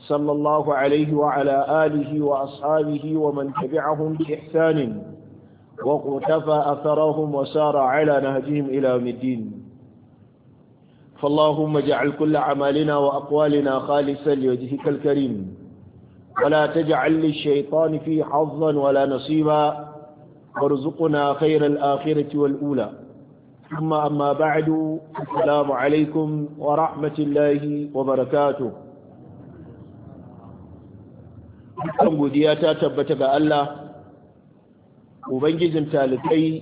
صلى الله عليه وعلى آله وأصحابه ومن تبعهم بإحسان وقتفى أثرهم وسار على نهجهم إلى الدين فاللهم اجعل كل عمالنا وأقوالنا خالصا لوجهك الكريم ولا تجعل للشيطان في حظا ولا نصيبا وارزقنا خير الآخرة والأولى ثم أما بعد السلام عليكم ورحمة الله وبركاته dukkan godiya ta tabbata ga Allah ubangijin talibai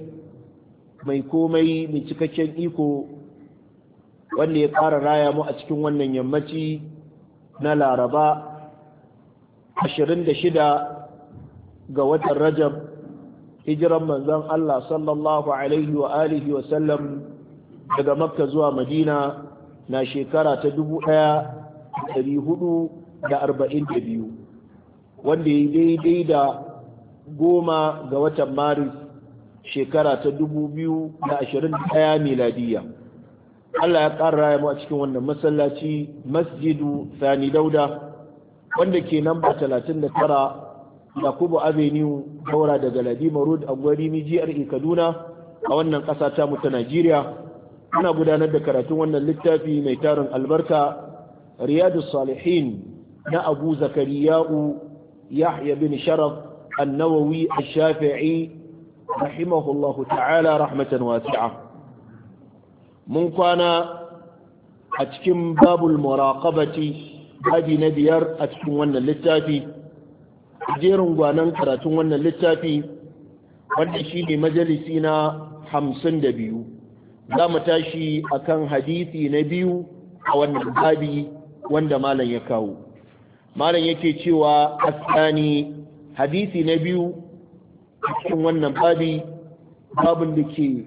mai komai mai cikakken iko wanda ya ƙara raya mu a cikin wannan yammaci na laraba 26 ga watan rajab hijiran manzon Allah sallallahu alaihi wa alihi wa sallam daga makka zuwa madina na shekara ta dubu ɗaya da biyu. wanda ya daidai da goma ga watan maris shekara ta dubu biyu da ashirin daya miladiya Allah ya ƙara raya a cikin wannan masallaci masjidu sani dauda wanda ke nan ba talatin da tara yakubu avenue daura daga ladima road a gwari mijiyar kaduna a wannan ƙasa ta mu najeriya ana gudanar da karatun wannan littafi mai tarin albarka riyadu salihin na abu zakariya'u يحيى بن شرف النووي الشافعي رحمه الله تعالى رحمة واسعة من كان أتكم باب المراقبة هذه نبيار أتكم وانا للتافي jerin gwanan karatun wannan littafi wanda shi ne majalisi na hamsin da biyu za mu tashi akan hadisi na biyu a wannan babi wanda malam ya kawo malam yake cewa asani hadisi na biyu cikin wannan babi babin da ke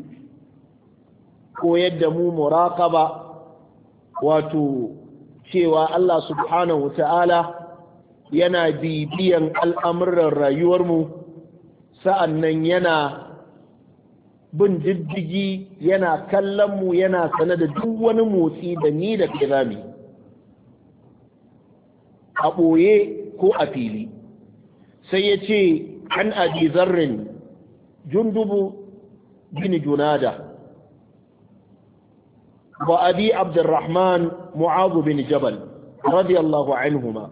koyar da mu muraqaba wato cewa Allah subhanahu ta'ala yana bibiyan al'amuran rayuwarmu nan yana bin diddigi yana kallon mu yana sanada, da duk wani motsi da ni da kirami a ɓoye ko a fili sai ya ce an abi zarrin jundubu bin junada wa abi abdurrahman mu'azu bin jabal radiyallahu anhuma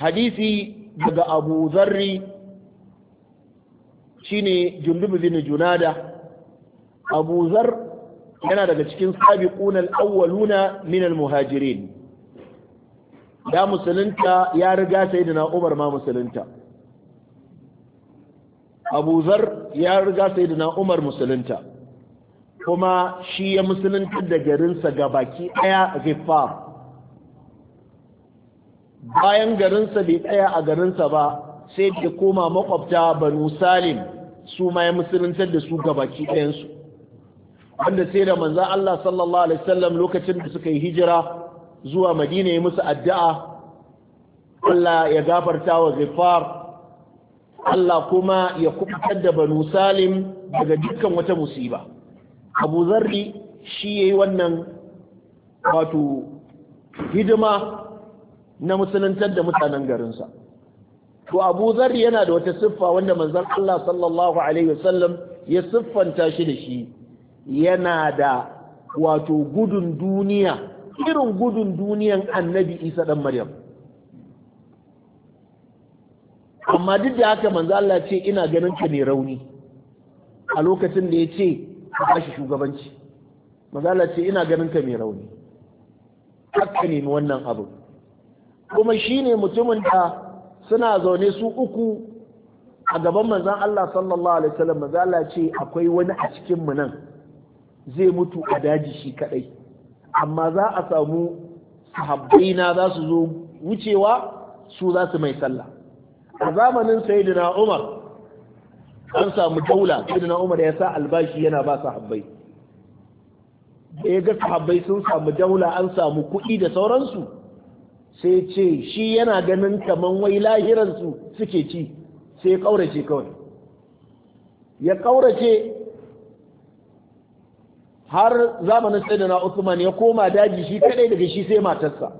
hadisi daga abu zarri shine jundubu bin junada abu zar yana daga cikin sabiquna al-awwaluna min al-muhajirin Da musulunta ya riga sai da umar ma musulunta abu ya riga sai da umar musulunta kuma shi ya musulunta da garinsa ga baki ɗaya gifar bayan garinsa bai ɗaya a garinsa ba sai ya koma makwabta banu salim su ma ya musuluntar da su ga baki ɗayansu wanda sai da manza Allah sallallahu alaihi wasallam lokacin da suka yi hijira zuwa madina ya musu addu'a Allah ya gafarta wa zifar Allah kuma ya kubutar da banu salim daga dukkan wata musiba abu zarri shi ya yi wannan wato hidima na musuluntar da mutanen garinsa to abu zarri yana da wata siffa wanda manzan Allah sallallahu alaihi wasallam ya siffanta shi da shi yana da wato gudun duniya irin gudun duniyan annabi isa ɗan maryam amma duk da haka manzo Allah ce ina ganin ka ne rauni a lokacin da ya ce ba shi shugabanci manzo Allah ce ina ganin ka ne rauni haka ne wannan abu kuma shine mutumin da suna zaune su uku a gaban manzan Allah sallallahu alaihi wasallam manzo Allah ce akwai wani a cikin mu nan zai mutu a daji shi kadai amma za a samu sahabbaina za su zo wucewa su za su mai sallah a zamanin sayyidina Umar an samu daula sayyidina Umar ya sa albashi yana ba sahabbai da ya ga sahabbai sun samu daula an samu kuɗi da sauransu sai ce shi yana ganin kaman wai lahiransu suke ci sai ya ƙaurace kawai ya ƙaurace har zamanin na Usman ya koma daji shi kadai daga shi sai matarsa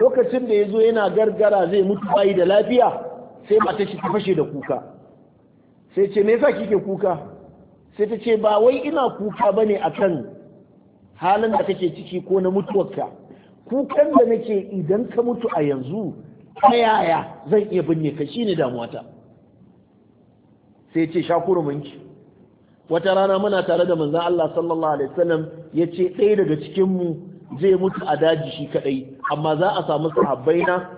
lokacin da yazo yana gargara zai mutu bai da lafiya sai matar shi ta fashe da kuka sai ce me yasa kike kuka sai ta ce ba wai ina kuka bane akan halin da kake ciki ko na mutuwarka kukan da nake idan ka mutu a yanzu ta yaya zan iya binne ka shine damuwata sai ce shakuruminki wata rana muna tare da manzan Allah sallallahu alaihi wasallam ce ɗaya daga cikinmu zai mutu a daji shi kaɗai. amma za a samu sahabbai na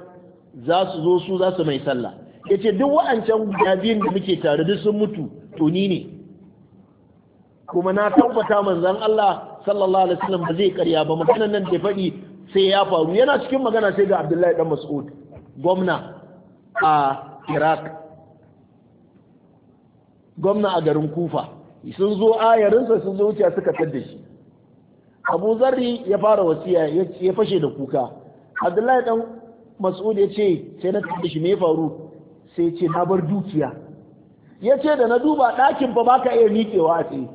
za su zo su za su mai sallah Ya ce duk wa'ancan guda biyun da muke tare duk sun mutu to ni ne kuma na tabbata manzan Allah sallallahu alaihi wasallam ba zai karya ba maganan nan da faɗi sai ya faru yana cikin magana sai ga Abdullahi dan Mas'ud gwamna a Iraq gwamna a garin Kufa sun zo ayarinsa sun zo wuce suka tadda shi abu zarri ya fara wasiya ya fashe da kuka abdullahi dan mas'ud ya ce sai na tadda shi me faru sai ya ce na bar dukiya ya ce da na duba ɗakin ba baka iya miƙewa a tsaye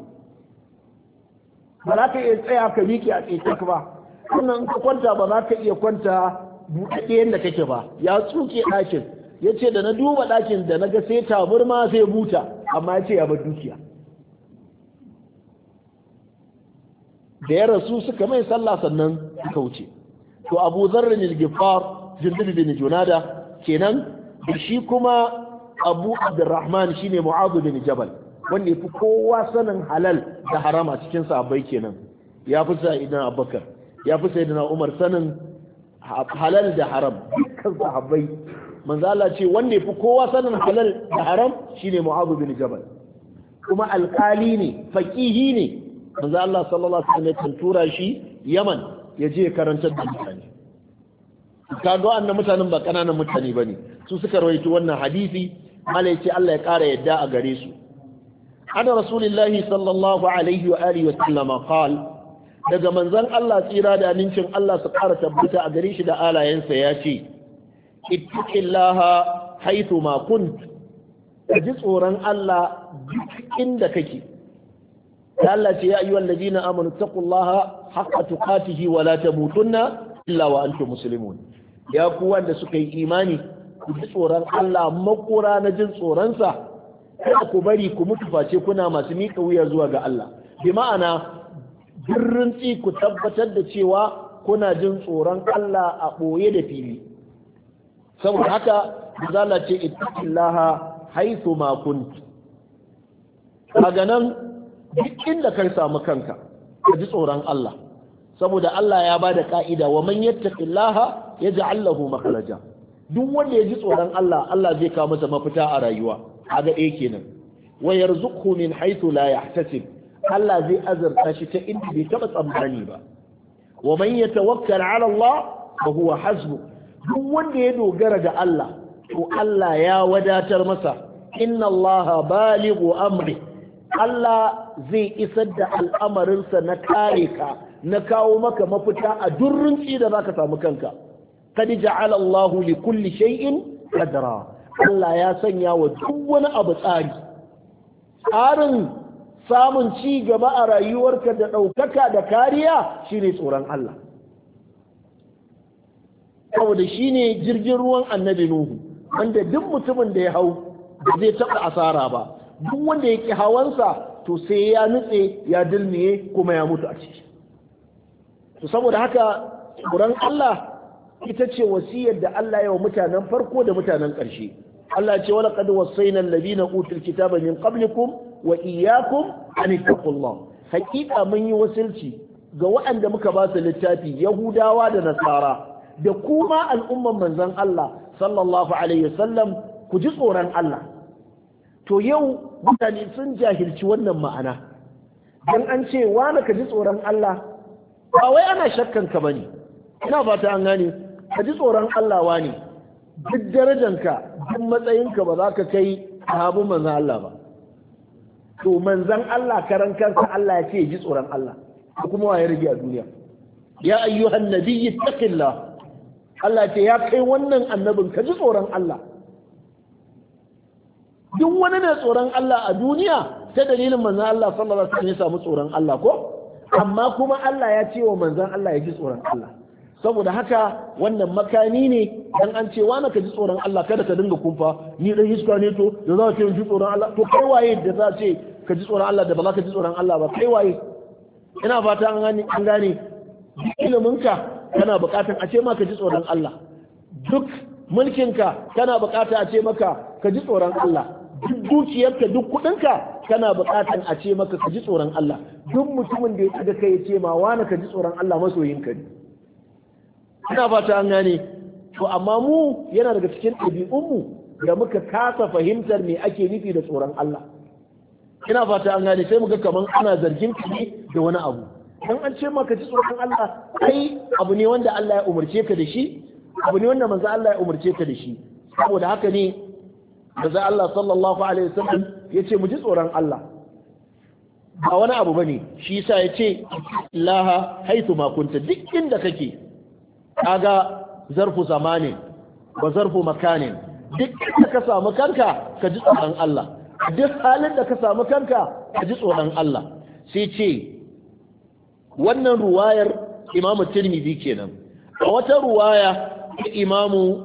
ba za ka iya tsaya ka miƙe a tsaye ba sannan ka kwanta ba za ka iya kwanta buɗaɗɗe yadda kake ba ya tsuke ɗakin ya ce da na duba ɗakin da na ga sai taburma sai buta amma ya ce ya bar dukiya da ya rasu suka mai sallah sannan suka wuce to abu zarrin al-gifar jundub bin junada kenan da shi kuma abu abdurrahman ne mu'adu bin jabal wanda fi kowa sanin halal da harama cikin sahabbai kenan ya fi sayyidina abubakar ya fi sayyidina umar sanin halal da haram dukkan sahabbai manzo Allah ce wanda fi kowa sanin halal da haram shine mu'adh bin jabal kuma alqali ne faqihi ne manzo Allah sallallahu alaihi wasallam ya tura shi Yaman ya je karantar da mutane ka ga annan mutanen ba kananan mutane bane su suka rawaito wannan hadisi malai Allah ya kara yadda a gare su ana rasulullahi sallallahu alaihi wa alihi wa sallama daga manzon Allah tsira da amincin Allah su ƙara tabbata a gare shi da alayensa ya ce ittaqillaha haythu ma kunt ji tsoron Allah duk inda kake ta Allah ce ya ayyuhal ladina amanu taqullaha haqqa tuqatih wa la tamutunna illa wa antum muslimun ya ku wanda suka yi imani ku ji tsoron Allah makura na jin tsoronsa kada ku bari ku mutu face kuna masu mika wuya zuwa ga Allah bi ma'ana birrin tsi ku tabbatar da cewa kuna jin tsoron Allah a ɓoye da fili saboda haka zala ce ittaqillaha haythu ma kunt A nan duk inda kai samu kanka ka ji tsoron Allah saboda Allah ya bada ka'ida wa man yattaqillaha yaj'al lahu makhraja duk wanda ya ji tsoron Allah Allah zai kawo masa mafita a rayuwa ga ɗaya eh kenan wa yarzuqhu min haythu la yahtasib Allah zai azurta shi ta inda bai taba tsammani ba wa man yatawakkal ala Allah fa huwa hasbu duk wanda ya dogara ga Allah to Allah ya wadatar masa inna Allah balighu amri Allah zai isar da al'amarinsa na kare ka na kawo maka mafita a durrunci da za ka samu kanka kad ja'ala Allahu li kulli shay'in qadra Allah ya sanya wa duk wani abu tsari tsarin samun ci gaba a rayuwarka da ɗaukaka da kariya shine tsoron Allah saboda shine jirgin ruwan annabi Nuhu wanda duk mutumin da ya hau ba zai taɓa asara ba duk wanda ya ƙi hawansa to sai ya nutse ya dilmiye kuma ya mutu a ciki to saboda haka tsoron Allah ita ce wasiyar da Allah yawa wa mutanen farko da mutanen ƙarshe Allah ce wala qad wasayna alladhina utul kitaba min qablikum wa iyyakum an taqullah hakika mun yi wasilci ga waɗanda muka ba su littafi yahudawa da nasara da kuma al'umman manzon Allah sallallahu alaihi wasallam ku ji tsoron Allah to yau mutane sun jahilci wannan ma'ana don an ce wani ka ji tsoron Allah ba wai ana shakkan ka bane ina fata an gane ka ji tsoron Allah wane duk darajanka duk matsayinka ba za ka kai sahabu manzan Allah ba to manzan Allah karan kansa Allah ya ce ji tsoron Allah ko kuma waye rage a duniya ya ayyuhan nabiyyi taqillah Allah ce ya kai wannan annabin ka ji tsoron Allah duk wani ne tsoron Allah a duniya ta dalilin manzan Allah sallallahu alaihi wasallam ya samu tsoron Allah ko amma kuma Allah ya ce wa manzan Allah ya ji tsoron Allah saboda haka wannan makani ne dan an ce wa ka ji tsoron Allah kada ka dinga kumfa ni dan iska ne to da za ka ji tsoron Allah to kai waye da za ce ka ji tsoron Allah da ba za ka ji tsoron Allah ba kai waye ina fata an gane an gane iliminka kana bukatan a ce ma ka ji tsoron Allah duk mulkin ka kana bukata a ce maka ka ji tsoron Allah duk dukiyarka duk kudinka kana buƙatar a ce maka ka ji tsoron Allah duk mutumin da ya kaga kai ya ce ma wani ka ji tsoron Allah masoyin ka ina fata an gane to amma mu yana daga cikin ɗabi'unmu da muka kasa fahimtar me ake nufi da tsoron Allah ina fata an gane sai muka kaman ana zargin ka da wani abu dan an ce maka ji tsoron Allah kai abu ne wanda Allah ya umarce ka da shi abu ne wanda manzo Allah ya umarce ka da shi saboda haka ne za Allah sallallahu alaihi wasallam ya ce mu ji tsoron Allah ba wani abu bane shi yasa ya ce laha haitu duk inda kake kaga zarfu zamanin ba zarfu makanin duk inda ka samu kanka ka ji tsoron Allah duk halin da ka samu kanka ka ji tsoron Allah sai ce wannan ruwayar imamu tirmidhi kenan a wata ruwaya imamu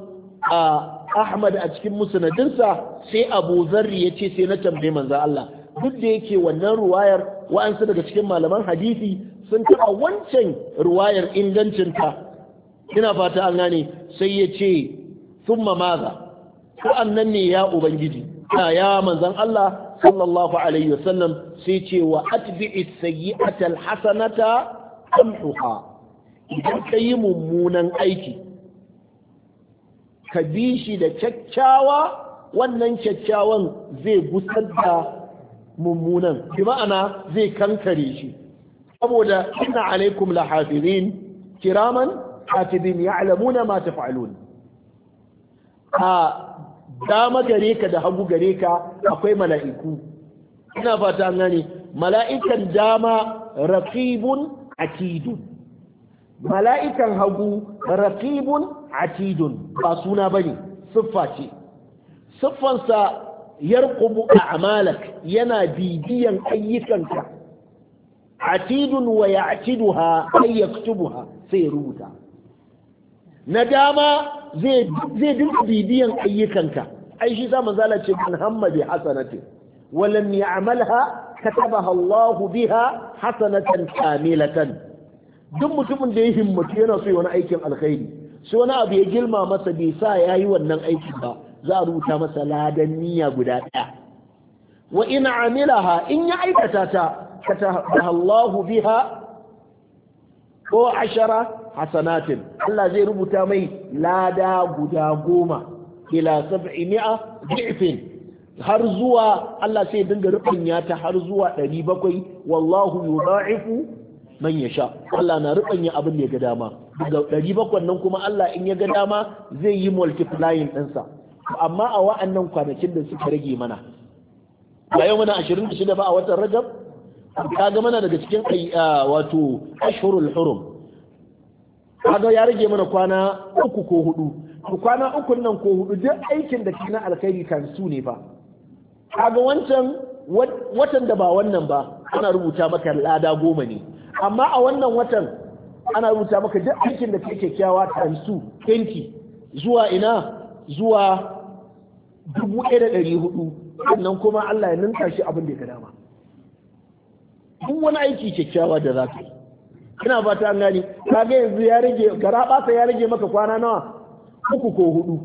a Ahmad a cikin musnadinsa sai Abu Zarri ya ce sai na tambaye manzo Allah duk da yake wannan ruwayar wa'ansu daga cikin malaman hadisi sun taɓa wancan ruwayar ingancinta ina fata an gane sai ya ce thumma maza ko annan ne ya ubangiji ta ya manzon Allah sallallahu alaihi wasallam sai ce wa atbi'is sayyi'ata alhasanata tamhuha idan kai mummunan aiki ka bi shi da kyakkyawa wannan kyakkyawan zai gusar da mummunan bi ma'ana zai kankare shi saboda inna alaikum lahafizin kiraman hatibin ya'lamuna ma taf'alun a dama gare ka da hagu gare ka akwai mala'iku ina fata gane mala'ikan dama raqibun akidun mala'ikan hagu raqibun atidun ba suna bane siffa ce siffansa yarqubu a'malak yana bibiyan ayyukanka atidun wa ya'tiduha ay ha, sai rubuta na dama zai zai dinka bibiyan ayyukanka ai shi mu zala ce man hamma bi hasanati wa lam ya'malha katabaha Allah biha hasanatan kamilatan duk mutumin da ya himmatu yana so wani aikin alkhairi sai wani abu ya girma masa bai sa ya yi wannan aikin ba za a rubuta masa ladan niyya guda ɗaya wa in amilaha in ya aikata ta katabaha Allahu biha ko ashara hasanatin Allah zai rubuta mai lada guda goma ila sab'i mi'a bi'fin har zuwa Allah sai dinga ya ta har zuwa 700 wallahu yudha'ifu man ya sha Allah na rubanya abin da ya ga dama daga ɗari bakwai nan kuma Allah in ya ga dama zai yi multiplying ɗinsa amma a wa'annan kwanakin da suka rage mana a yau mana 26 ba a watan rajab ka ga mana daga cikin wato ashhurul hurum kaga ya rage mana kwana uku ko hudu kwana uku nan ko hudu duk aikin da kina alkhairi kan su ne fa kaga wancan watan da ba wannan ba ana rubuta maka lada goma ne amma a wannan watan ana rubuta maka duk aikin da kai kyakkyawa tansu 20 zuwa ina zuwa dubu da ɗari hudu sannan kuma Allah ya ninka shi abin da ya ga dama duk wani aiki kyakkyawa da za ka yi ina fata an gani Ka ga yanzu ya rage garabasa ya rage maka kwana nawa uku ko hudu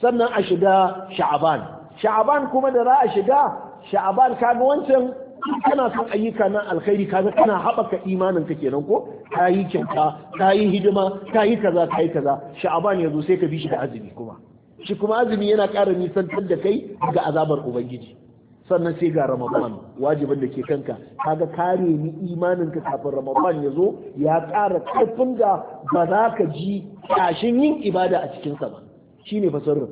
sannan a shiga sha'aban sha'aban kuma da za a shiga sha'aban kaga wancan kana son ayyuka na alkhairi kaga kana haɓaka imanin ka kenan ko ka yi kyauta ka yi hidima ka yi kaza ka yi kaza sha'aban yazo sai ka bi shi da azumi kuma shi kuma azumi yana ƙara nisantar da kai ga azabar ubangiji sannan sai ga ramadan wajibin da ke kanka kaga kare ni imanin ka kafin ramadan ya zo ya ƙara karfin ga ba za ka ji kashin yin ibada a cikinsa ba shine fasarin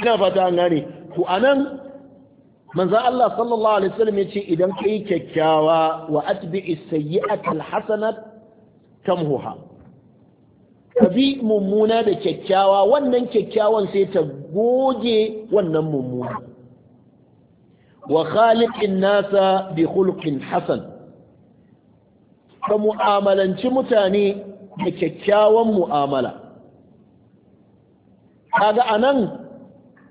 ina fata an gane to anan manzo Allah sallallahu alaihi wasallam yace idan kai kyakkyawa wa atbi'is sayyi'ata alhasanat tamhuha ka bi mummuna da kyakkyawa wannan kyakkyawan sai ta goge wannan mummuna wa khaliqin nasa bi khuluqin hasan ka mu'amalanci mutane da kyakkyawan mu'amala kaga anan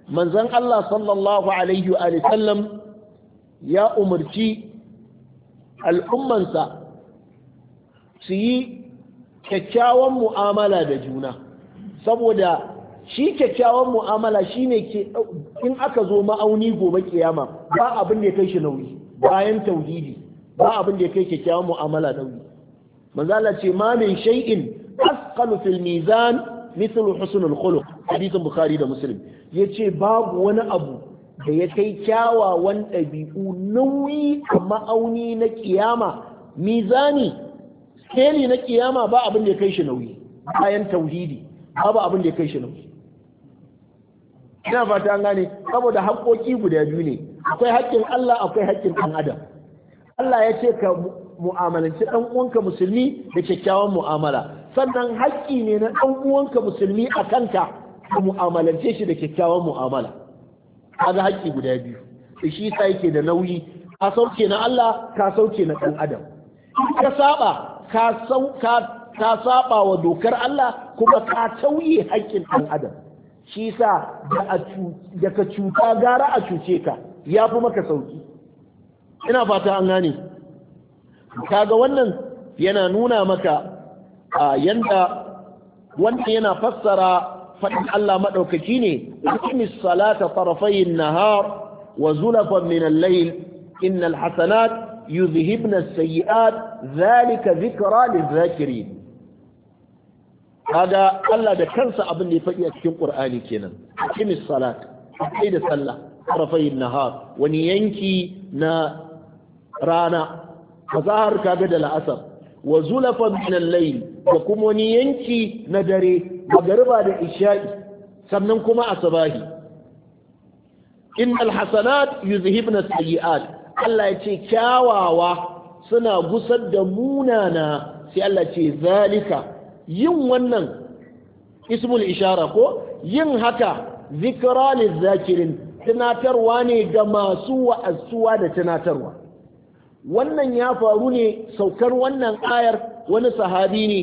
manzon Allah sallallahu alaihi wa sallam ya umarci al'ummansa su yi kyakkyawan mu'amala da juna saboda shi kyakkyawan mu'amala shi ne in aka zo ma'auni gobe kiyama ba abin da ya kai shi nauyi bayan tauhidi ba abin da ya kai kyakkyawan mu'amala nauyi manzala ce ma min shay'in asqalu fil mizan mithlu husnul khuluq hadisin bukhari da muslim ya ce babu wani abu da ya kai kyawawan ɗabi'u nauyi a ma'auni na kiyama mizani skeli na kiyama ba abin da ya kai shi nauyi bayan tauhidi ba abin da ya kai shi nauyi ina fata an gane saboda haƙƙoƙi guda biyu ne akwai haƙƙin Allah akwai haƙƙin ɗan adam Allah ya ce ka mu'amalanci ɗan uwanka musulmi da kyakkyawan mu'amala sannan haƙƙi ne na ɗan uwanka musulmi a kanka ka mu'amalance shi da kyakkyawan mu'amala kaga haƙƙi guda biyu shi yasa yake da nauyi ka sauke na Allah ka sauke na ɗan adam ka saba ka sau ka ka saba wa dokar Allah kuma ka tauye haƙƙin ɗan adam shi yasa da ka cuta gara a cuce ka ya fi maka sauki ina fata an gane kaga wannan yana nuna maka a yanda wanda yana fassara faɗin Allah maɗaukaki ne aqimis salata tarafayin nahar wa zulafan min al-layl innal hasanat yuzhibna as zalika dhalika dhikra lidh kaga Allah da kansa abin da ya faɗi a cikin ƙur'ani kenan aqimis salat kai da sallah nahar wani yanki na rana fazahar kaga da la'asar wa zulafan minan al da kuma wani yanki na dare magariba da isha'i sannan kuma asabahi innal hasanat yuzhibna sayiat Allah ya ce kyawawa suna gusar da munana sai Allah ce zalika yin wannan ismul ishara ko yin haka zikra lizakirin tunatarwa ne ga masu wa'azuwa da tunatarwa wannan ya faru ne saukar wannan ayar wani sahabi ne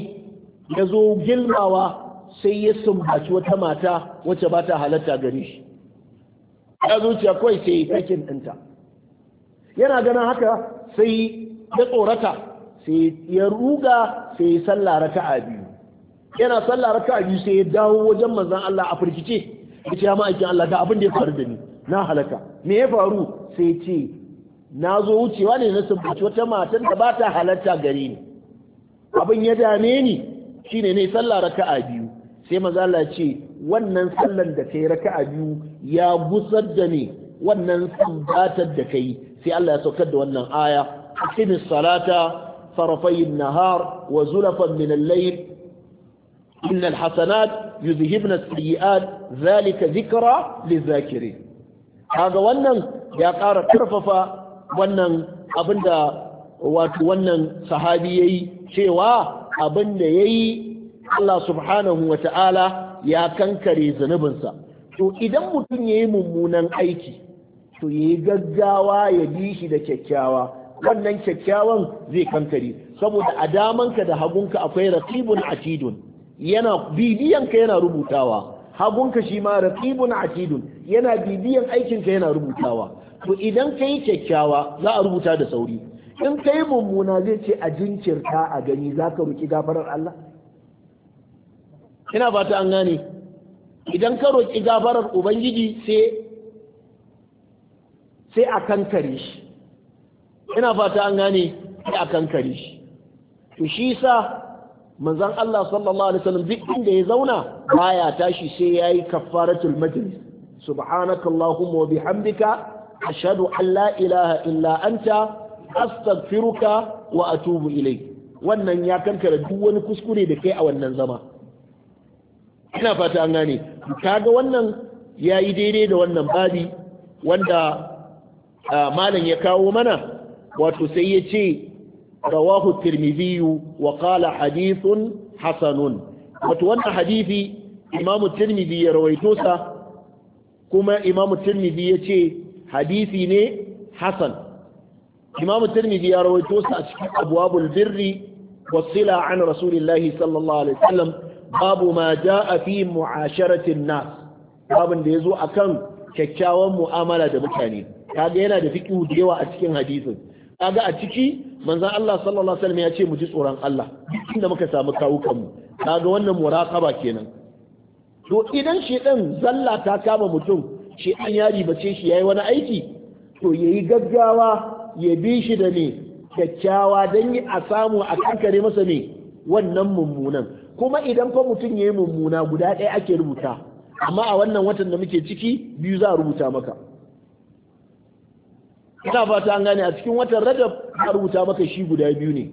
ya zo gilmawa sai ya sumbaci wata mata wacce ba ta halatta gare shi ya zuciya kawai sai takin ɗinta yana ganin haka sai ya tsorata sai ya ruga sai ya sallara raka'a biyu yana sallara ta biyu sai ya dawo wajen manzon Allah a firkice ya ce ya ma'aikin Allah ga abin da ya faru da ni na halaka me ya faru sai ce na zo wucewa ne na sumbaci wata matan da ba ta halatta gare ni abin ya dame ni shine ne sallah raka'a biyu sai maza Allah ce wannan sallar da kai raka'a biyu ya gusar da ne wannan sambatar da kai sai Allah ya saukar da wannan aya aqimis salata طرفي النهار وزلفا من الليل إن الحسنات يذهبن السيئات ذلك ذكرى للذاكرين هذا wannan ya ƙara ƙarfafa wannan abinda wato wannan sahabi yayi cewa abinda yayi Allah subhanahu wa ta'ala ya kankare zunubinsa to idan mutum ya yi mummunan aiki to ya yi gaggawa ya bi shi da kyakkyawa wannan kyakkyawan zai kankare saboda a damanka da hagunka akwai raqibun atidun yana bibiyanka yana rubutawa hagunka shi ma raqibun atidun yana bibiyan aikinka yana rubutawa to idan ka yi kyakkyawa za a rubuta da sauri in ka yi mummuna zai ce a jinkirta a gani za ka ruki gafarar Allah ina ba ta an gane idan ka roƙi gafarar ubangiji sai sai a kankare shi ina ba ta an gane sai a kankare shi to shi sa manzon Allah sallallahu alaihi wasallam duk inda ya zauna baya tashi sai yayi kafaratul majlis subhanakallahumma wa bihamdika ashhadu an la ilaha illa anta astaghfiruka wa atubu ilayk wannan ya kankara duk wani kuskure da kai a wannan zama ina fata an gane kaga wannan ya yi daidai da wannan babi wanda malam ya kawo mana wato sai ya ce rawahu tirmidhiyu wa qala hadithun hasanun wato wannan hadisi imamu tirmidhi ya rawaito sa kuma imamu tirmidhi ya ce hadisi ne hasan imamu tirmidhi ya rawaito sa a cikin abwabul birri wasila an rasulillahi sallallahu alaihi wasallam babu ma ja'a fi mu'asharatin nas babin da yazo akan kyakkyawan mu'amala da mutane kaga yana da fiqhu da yawa a cikin hadisin kaga a ciki manzon Allah sallallahu alaihi wasallam ya ce mu ji tsoron Allah inda muka samu kawukan mu kaga wannan muraqaba kenan to idan shi din zalla ta kama mutum shi yari ba ce shi yayi wani aiki to yayi gaggawa ya bi shi da ne kyakkyawa dan a samu a kankare masa ne wannan mummunan kuma idan fa mutum ya yi mummuna guda ɗaya ake rubuta amma a wannan watan da muke ciki biyu za a rubuta maka ina fata an gane a cikin watan rajab za a rubuta maka shi guda biyu ne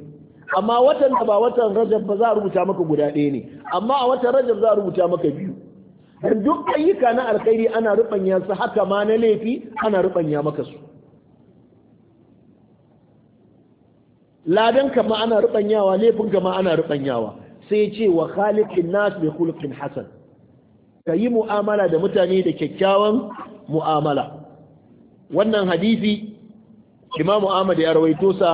amma watan da ba watan rajab ba za a rubuta maka guda ɗaya ne amma a watan rajab za a rubuta maka biyu dan duk ayyuka na alkhairi ana rubanya su haka ma na laifi ana rubanya maka su ladan ka ma ana rubanyawa laifin ka ma ana rubanyawa sai ce wa khaliqin nas bi khuluqin hasan kayi mu'amala da mutane da kyakkyawan mu'amala wannan hadisi Imam Ahmad ya rawaito sa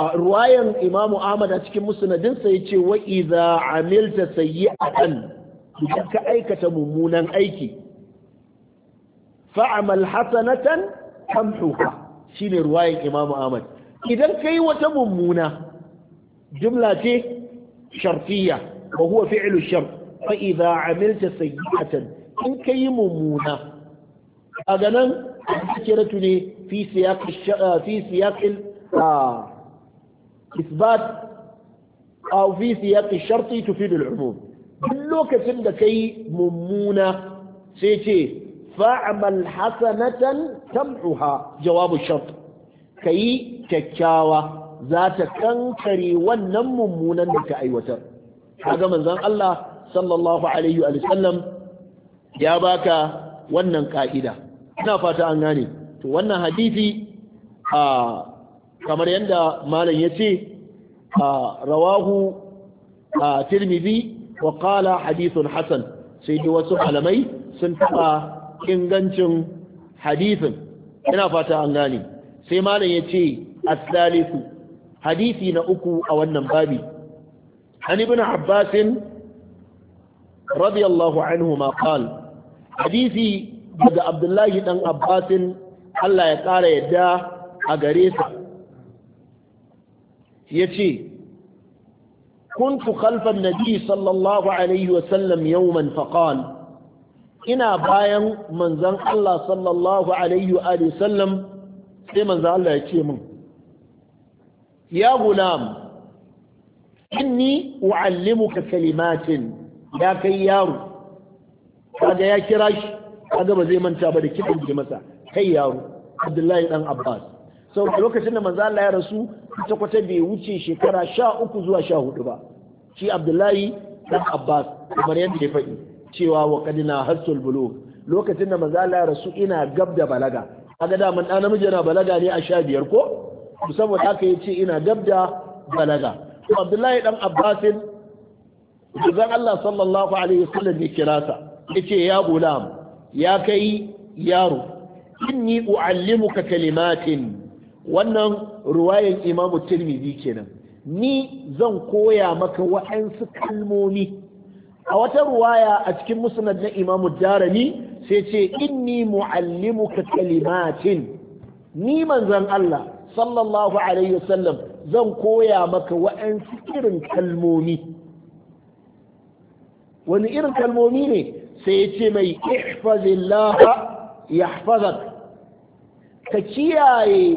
a ruwayan Imam Ahmad a cikin musnadin sa yace wa idza amilta sayyi'atan idan ka aikata mummunan aiki fa'amal hasanatan tamhuha shine ruwayan Imam Ahmad idan kai wata mummuna جملة شرطية وهو فعل الشرط فإذا عملت سيئة إن كي ممونة هذا نن ذكرتني في سياق الش... في سياق ال... آه. إثبات أو في سياق الشرط تفيد العموم لو da كي ممونة سيتي فاعمل حسنة تمحها جواب الشرط كي تكاوى za ta kankare wannan mummunan da ka aiwatar kaga manzon Allah sallallahu alaihi wa sallam ya baka wannan ka'ida ina fata an gane to wannan hadisi a kamar yadda malam yace a rawahu a tirmidhi wa qala hadithun hasan sai da wasu alamai sun taba ingancin hadithin. ina fata an gane sai malam yace as hadisi na uku a wannan babi an ibn abbas radiyallahu anhu ma qal hadisi daga abdullahi dan abbasin Allah ya yadda a gare sa yace كنت خلف النبي صلى الله عليه وسلم يوما فقال إنا باين من زن الله صلى الله عليه وآله وسلم sai manzo Allah ya ce min ya gulam inni u'allimuka kalimatin ya kai yaro kaga ya kira shi kaga ba zai manta ba da kiɗan ji masa kai yaro abdullahi ɗan abbas sau lokacin da Manza Allah ya rasu ta kwata bai wuce shekara sha uku zuwa sha hudu ba shi abdullahi ɗan abbas Umar yadda ya faɗi cewa wa kadina hasul bulo. lokacin da Manza Allah ya rasu ina gab da balaga kaga da man ɗan namiji yana balaga ne a sha biyar ko saboda haka yace ina da balaga Abdullahi dan Abbasin zan Allah sallallahu alaihi wasallam ya kira sa yace ya gulam ya kai yaro inni uallimuka kalimatin wannan ruwayan Imam Tirmidhi kenan ni zan koya maka wa'ansu kalmomi a wata ruwaya a cikin musnad na Imam darani sai ce inni muallimuka kalimatin ni manzon Allah sallallahu alaihi wasallam zan koya maka wa'ansu irin kalmomi wani irin kalmomi ne sai ya ce mai ihfazillah yahfazak ka kiyaye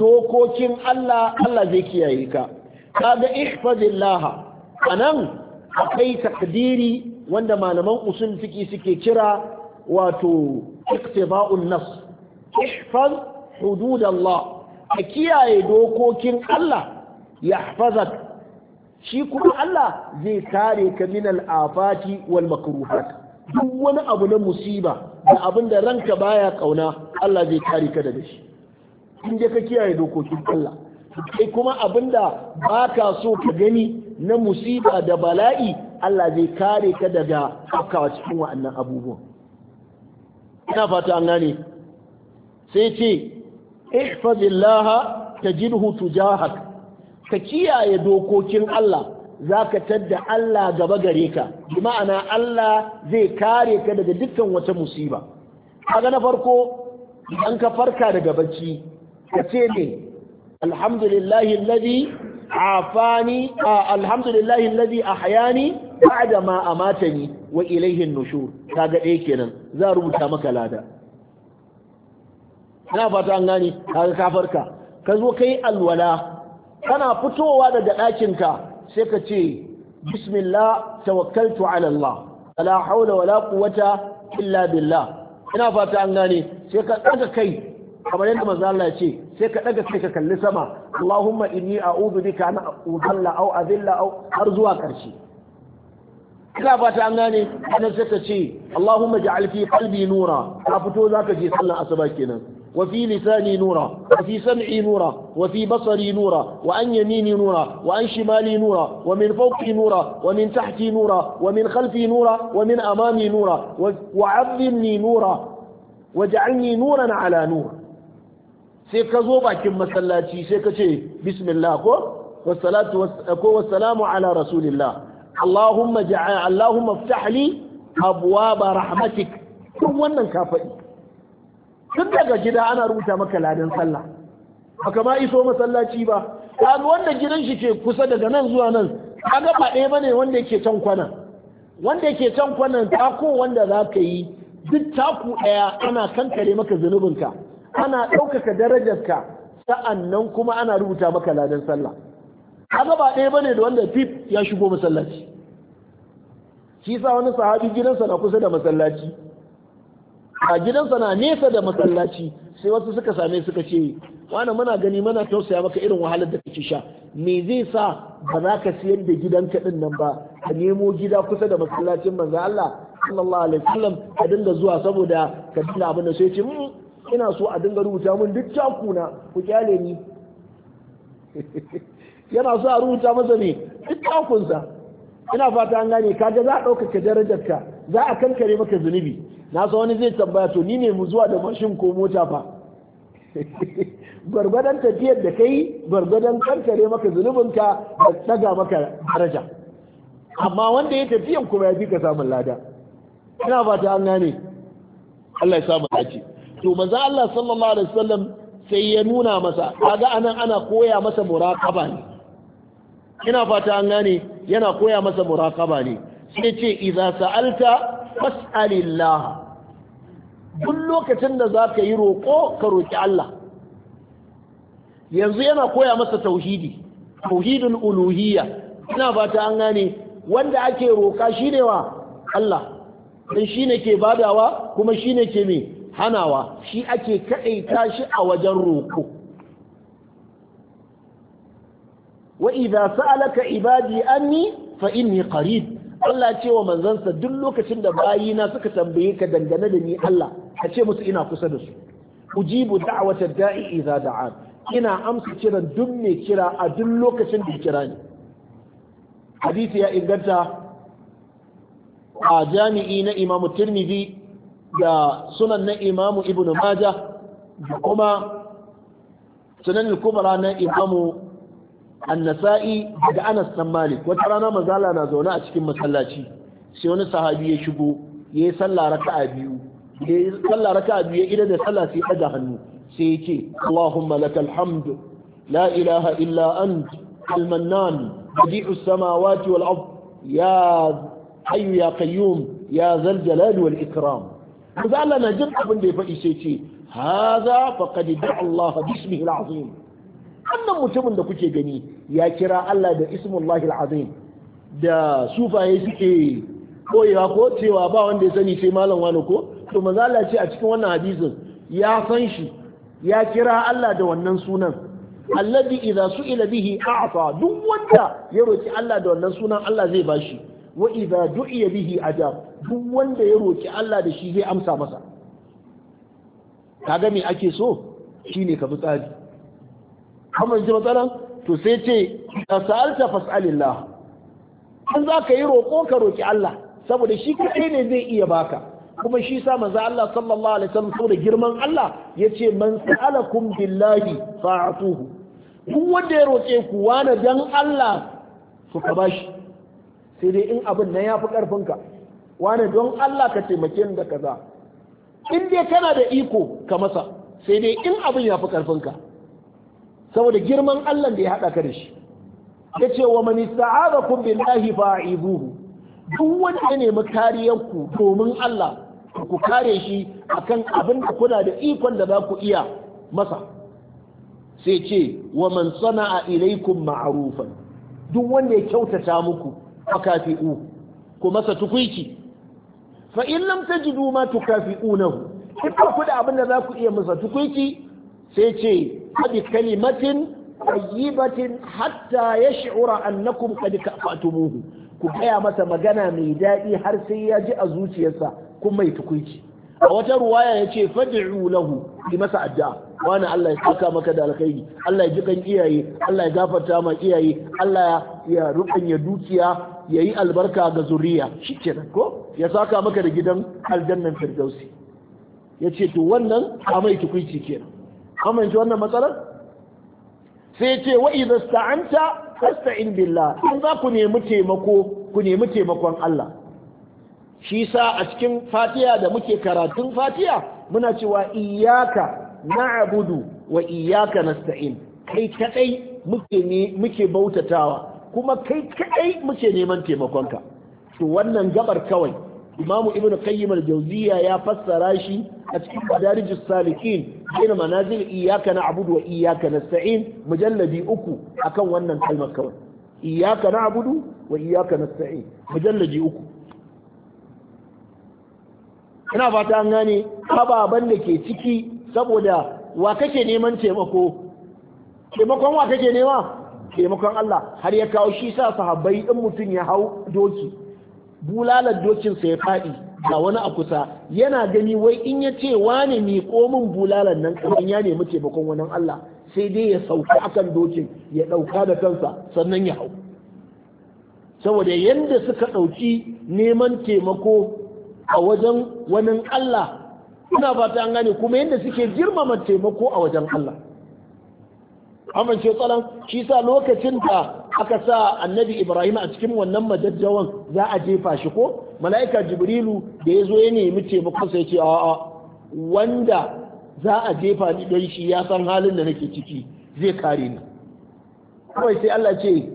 dokokin Allah Allah zai kiyaye ka kaga ihfazillah anan akwai takdiri wanda malaman usul fiki suke kira wato iktiba'un nas ihfaz hudud Allah A kiyaye dokokin Allah ya hafazak shi kuma Allah zai kare ka min al'afati wal makruhat duk wani abu na musiba da abin da ranka baya kauna Allah zai kare ka daga shi in ka kiyaye dokokin Allah kai kuma abin da baka so ka gani na musiba da bala'i Allah zai kare ka daga afkawa cikin wa'annan abubuwan ina fata an gane sai ce ihfazillaha tajidhu tujahak ka kiyaye dokokin Allah zaka tadda Allah gaba gare ka bi ma'ana Allah zai kare ka daga dukkan wata musiba kaga na farko idan ka farka daga bacci ka ce ne alhamdulillahi alladhi afani alhamdulillahi alladhi ahyani ba'da ma amatani wa ilayhi an-nushur kaga ɗaya kenan za rubuta maka lada ina fata an gane kaga kafarka ka zo kai alwala kana fitowa daga ɗakinka sai ka ce bismillah tawakkaltu ala Allah la hawla wala quwwata illa billah ina fata an gane sai ka daga kai kamar yadda manzo Allah ya ce sai ka daga kai ka kalli sama Allahumma inni a'udhu bika an udalla aw adilla aw har zuwa karshe ina fata an gane kana sai ka ce Allahumma ja'al fi qalbi nura ka fito zaka je sallar asuba kenan وفي لساني نورا وفي سمعي نورا وفي بصري نورا وعن يميني نورا وعن شمالي نورا ومن فوقي نورا ومن تحتي نورا ومن خلفي نورا ومن أمامي نورا وعظمني نورا واجعلني نورا على نور سيكزو باكم مسلاتي سيكتي بسم الله كو والصلاة والسلام على رسول الله اللهم جعل اللهم افتح لي أبواب رحمتك كم ونن كافئي tun daga gida ana rubuta maka ladan sallah baka ma iso masallaci ba kaga wanda gidan shi ke kusa daga nan zuwa nan kaga ba ɗaya bane wanda yake can kwana wanda yake can kwana ta ko wanda za ka yi duk taku ɗaya ana kankare maka zunubinka ana ɗaukaka darajarka sa'annan kuma ana rubuta maka ladan sallah kaga ba ɗaya bane da wanda fif ya shigo masallaci shi sa wani sahabi gidansa na kusa da masallaci a gidansa na nesa da masallaci sai wasu suka same suka ce wani muna gani muna tausaya maka irin wahalar da kake sha me zai sa ba za ka siyar da gidanka din nan ba ka nemo gida kusa da masallacin manzo Allah sallallahu alaihi wasallam ka dinga zuwa saboda ka dinga abin da sai ce hmm, ina so a dinga rubuta min duk takuna ku kyale ni yana so a rubuta masa ne duk takunsa ina fata an gane kaga za a ɗaukaka darajarka za a kankare maka zunubi na sa wani zai tambaya to ni ne mu zuwa da mashin ko mota fa gwargwadon tafiyar da kai gwargwadon kankare maka zunubinka da daga maka daraja amma wanda ya tafiyan kuma ya fi ka samun lada ina fata an gane Allah ya samu dace to manzo Allah sallallahu alaihi wasallam sai ya nuna masa kaga anan ana koya masa muraqaba ne ina fata an gane yana koya masa muraqaba ne sai ce idza sa'alta fas'alillah duk lokacin da za ka yi roƙo ka roƙi Allah yanzu yana koya masa tauhidi tauhidin uluhiyya ina fata an gane wanda ake roƙa shine wa Allah dan shine ke badawa kuma shine ke me hanawa shi ake kaɗaita shi a wajen roƙo wa idza sa'alaka ibadi anni fa inni qarib Allah ce wa manzansa duk lokacin da bayina suka tambaye ka dangane da ni Allah ka ce musu ina kusa da su ujibu da'wata da'i idza da'an ina amsa kiran duk mai kira a duk lokacin da kira ni hadisi ya inganta a jami'i na imamu tirmidhi da sunan na imamu ibnu majah da kuma sunan al-kubra na imamu annasa'i daga anas dan malik wata rana mazala na zaune a cikin masallaci sai wani sahabi ya shigo ya yi sallah raka'a biyu ya yi sallah raka'a biyu ya ida da sallah sai daga hannu sai ya ce allahumma lakal hamd la ilaha illa ant al-mannan badi'u samawati wal ard ya hayyu ya qayyum ya zal jalal wal ikram mazala na jin abin da ya faɗi sai ce hadha faqad da'a allah bismihi al-azim wannan mutumin da kuke gani ya kira Allah da ismullahi al'azim da sufaye suke koyewa ko cewa ba wanda ya sani sai malam wani ko to manzo ce a cikin wannan hadisin ya san shi ya kira Allah da wannan sunan alladhi idza su'ila bihi a'ta duk wanda ya roki Allah da wannan sunan Allah zai bashi wa idza du'iya bihi ajab duk wanda ya roki Allah da shi zai amsa masa kaga me ake so shine ka bi tsari kamar ji matsalan to sai ce a sa'alta fas'alillah in za ka yi roƙo ka roƙi Allah saboda shi kaɗai ne zai iya baka kuma shi sa manzo Allah sallallahu alaihi wasallam saboda girman Allah yace man sa'alakum billahi fa'atuhu duk wanda ya roƙe ku wani dan Allah to ka bashi sai dai in abin nan ya fi ƙarfinka wani don Allah ka taimake ni da kaza in dai kana da iko ka masa sai dai in abin ya fi ƙarfinka saboda girman Allah da ya haɗa ka da shi yace wa man ista'adakum billahi fa'ibuhu duk wanda ya nemi kariyar ku domin Allah ku kare shi akan abin da kuna da ikon da za ku iya masa sai ce wa man sana'a ilaikum ma'rufan duk wanda ya kyautata muku akafiu ku masa tukuici fa in lam tajidu ma tukafi'unahu in da abin da za ku iya masa tukuici sai ce بكلمة طيبة حتى يشعر أنكم قد كأفأتموه ku gaya masa magana mai daɗi har sai ya ji a zuciyarsa kun mai tukuici a wata ruwa ya ce fad'u lahu yi masa addu'a wani Allah ya saka maka da alkhairi Allah ya ji kan iyaye Allah ya gafarta ma iyaye Allah ya rubanya dukiya yayi albarka ga zuriya shikenan ko ya saka maka da gidan aljannan firdausi ya ce to wannan a mai tukuici kenan kamar ji wannan matsalar sai ce wa idza sta'anta fasta'in billah in za ku nemi taimako ku nemi taimakon Allah shi sa a cikin fatiya da muke karatun fatiya muna cewa iyyaka na'budu wa iyyaka nasta'in kai kadai muke bautatawa kuma kai kaɗai muke neman taimakonka to wannan gabar kawai imamu Ibn qayyim al jawziyya ya fassara shi a cikin madarijus salikin bayan manazil iyyaka na'budu wa iyyaka nasta'in mujalladi uku akan wannan kalmar kawai iyyaka na'budu wa iyyaka nasta'in mujalladi uku ina fata an gane ababan da ke ciki saboda wa kake neman taimako taimakon wa kake nema taimakon Allah har ya kawo shi sa sahabbai in mutum ya hau doki bulalar dokin sa ya faɗi ga wani a kusa yana gani wai in ya ce wane ne komin bulalar nan kamar ya nemi taimakon wani Allah sai dai ya sauka akan dokin ya ɗauka da kansa sannan ya hau saboda yadda suka ɗauki neman taimako a wajen wani Allah ina fata an gane kuma yadda suke girmama taimako a wajen Allah amince tsaron shi sa lokacin da aka sa annabi ibrahim a cikin wannan majajjawan za a jefa shi ko mala'ika jibrilu da ya zo ya nemi taimakon sai ce a'a wanda za a jefa ni don shi ya san halin da nake ciki zai kare ni kawai sai Allah ce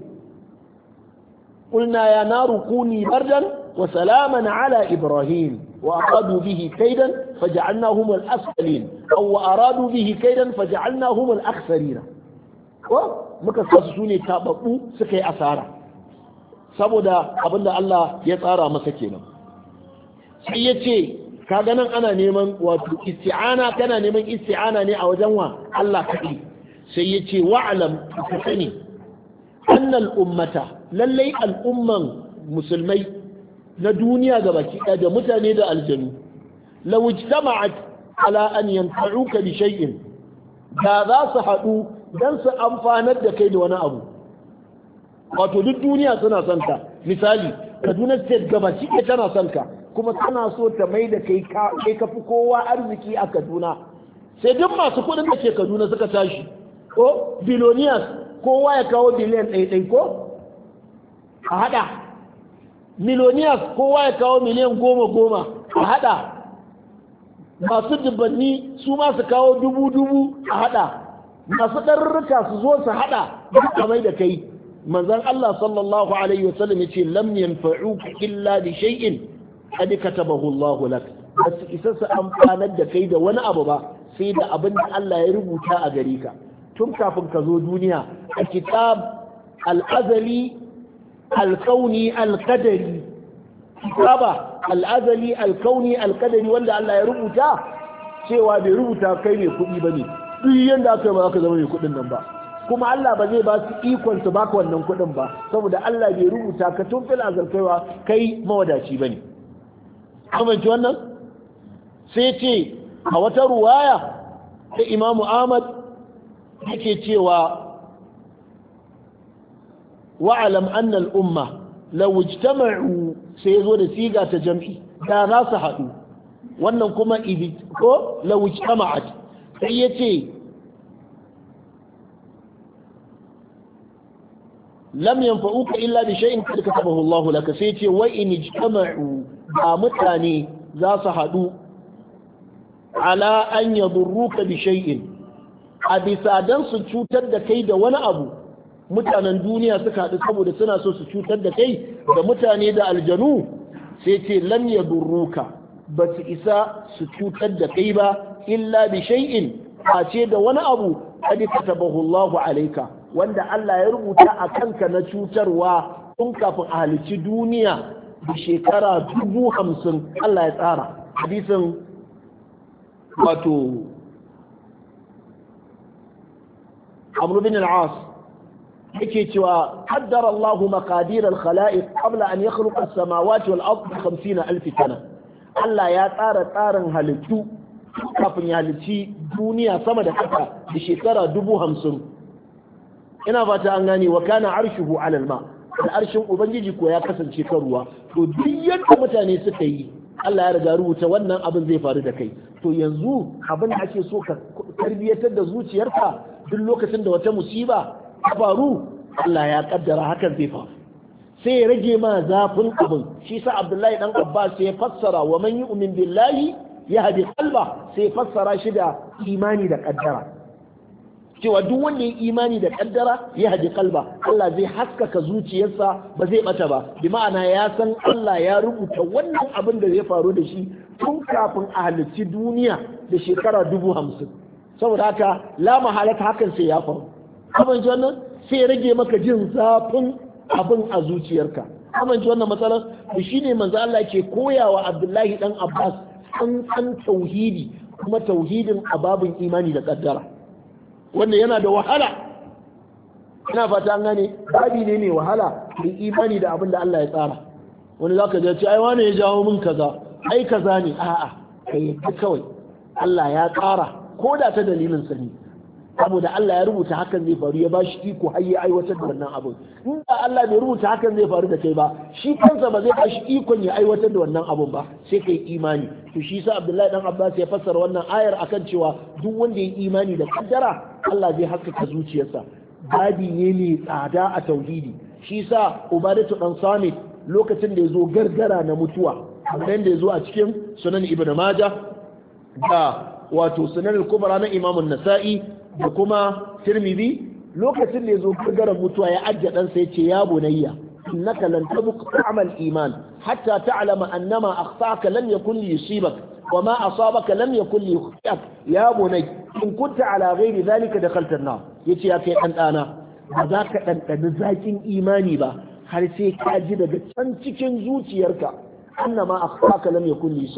qulna ya naru kuni bardan wa salaman ala ibrahim wa aradu bihi kaidan faj'alnahum al-asfalin aw aradu bihi kaidan faj'alnahum al-akhsarin ko muka sa su ne tababbu suka yi asara saboda abin da Allah ya tsara masa kenan sai ya ce kaga nan ana neman wato isti'ana kana neman isti'ana ne a wajen wa Allah kaɗi. sai ya ce wa'alam ka sani annal ummata lallai al'umman musulmai na duniya ga baki da mutane da aljanu law ijtama'at ala an yanfa'uka bi shay'in da za su haɗu don su amfanar da kai da wani abu wato duk duniya suna son ka misali kaduna state gaba shi tana son ka kuma tana so ta mai da kai ka fi kowa arziki a kaduna sai duk masu kudin da ke kaduna suka tashi ko biloniyas kowa ya kawo biliyan ɗaiɗai ko a haɗa miloniyas kowa ya kawo miliyan goma goma a haɗa masu dubbanni su masu kawo dubu dubu a haɗa masu ɗarurruka su zo su haɗa duka mai da kai manzon Allah sallallahu alaihi wasallam yace lam yanfa'uka illa bi shay'in qad katabahu Allah lak basu isa su amfanar da kai da wani abu ba sai da abin da Allah ya rubuta a gare ka tun kafin ka zo duniya a kitab al-azali al-kauni al-qadari kitaba al-azali al-kauni al-qadari wanda Allah ya rubuta cewa bai rubuta kai mai kuɗi ba ne. duk yanda aka yi ba ka zama mai kuɗin nan ba kuma Allah ba zai ba su ikon su baka wannan kuɗin ba saboda Allah bai rubuta ka tun fil azalkaiwa kai mawadaci bane kamanci wannan sai ce a wata ruwaya ta Imam Ahmad yake cewa wa'alam anna al-umma law ijtama'u sai yazo da siga ta jam'i da za su haɗu wannan kuma ibi ko law ijtama'at sai ya ce lam yanfa'uka illa bi shay'in qad katabahu Allah laka sai ce wa in ijtama'u ba mutane za su hadu ala an yadurruka bi shay'in a bisa dan su cutar da kai da wani abu mutanen duniya suka hadu saboda suna so su cutar da kai da mutane da aljanu sai ce lam yadurruka ba su isa su cutar da kai ba illa bi shay'in face da wani abu qad katabahu Allahu alayka wanda Allah ya rubuta a kanka na cutarwa tun kafin a halicci duniya da shekara dubu hamsin Allah ya tsara hadisin wato Amr bin al-As yake cewa qaddara Allahu maqadir al-khalaiq qabla an yakhluqa as-samawati wal-ard 50000 sana Allah ya tsara tsarin halittu kafin ya halitti duniya sama da ƙasa da shekara dubu hamsin ina fata an gane wa kana arshihu alal ma arshin ubangiji ko ya kasance kan ruwa to duk yadda mutane suka yi Allah ya riga rubuta wannan abin zai faru da kai to yanzu abin da ake so ka tarbiyyatar da zuciyarka duk lokacin da wata musiba ta faru Allah ya kaddara hakan zai faru sai ya rage ma zafin abin shi sa abdullahi dan abbas sai ya fassara wa man yu'min billahi yahdi qalba sai ya fassara shi da imani da kaddara cewa duk wanda ya imani da kaddara ya haji kalba Allah zai haskaka zuciyarsa ba zai bata ba bi ma'ana ya san Allah ya rubuta wannan abin da zai faru da shi tun kafin a halicci duniya da shekara dubu hamsin saboda haka la mahalata hakan sai ya faru abin wannan sai rage maka jin zafin abin a zuciyarka amince wannan matsalar shi ne manzo Allah ke koya wa Abdullahi dan Abbas tsantsan tauhidi kuma tauhidin a babin imani da ƙaddara? wanda yana da wahala ina fata an gane babi ne mai wahala da imani da abin da Allah ya tsara wani zaka je ce ai wane ya jawo min kaza ai kaza ne a'a kai kawai Allah ya tsara ko da ta dalilin sani saboda Allah ya rubuta hakan zai faru ya bashi iko har ya aiwatar da wannan abun in da Allah bai rubuta hakan zai faru da kai ba shi kansa ba zai bashi ikon ya aiwatar da wannan abun ba sai kai imani to shi sa Abdullahi dan Abbas ya fassara wannan ayar akan cewa duk wanda ya imani da kaddara Allah zai haskaka zuciyarsa babi ne mai tsada a tauhidi shi sa Ubadatu dan Samit lokacin da ya zo gargara na mutuwa kamar da ya zo a cikin sunan Ibn Majah da wato sunan al-kubra na Imam nasai da kuma tirmidhi lokacin da ya zo gargaran mutuwa ya ajiye ɗansa ya ce ya bunayya innaka lan tabuq ta'mal iman hatta ta'lama annama akhtaka lam yakun li yusibak wa ma asabaka lam yakun li yukhtiak ya bunay in kunta ala ghairi zalika dakhalta an-nar yace ya kai dan dana ba za ka ɗanɗani zakin imani ba har sai ka ji daga can cikin zuciyarka annama akhtaka lam yakun li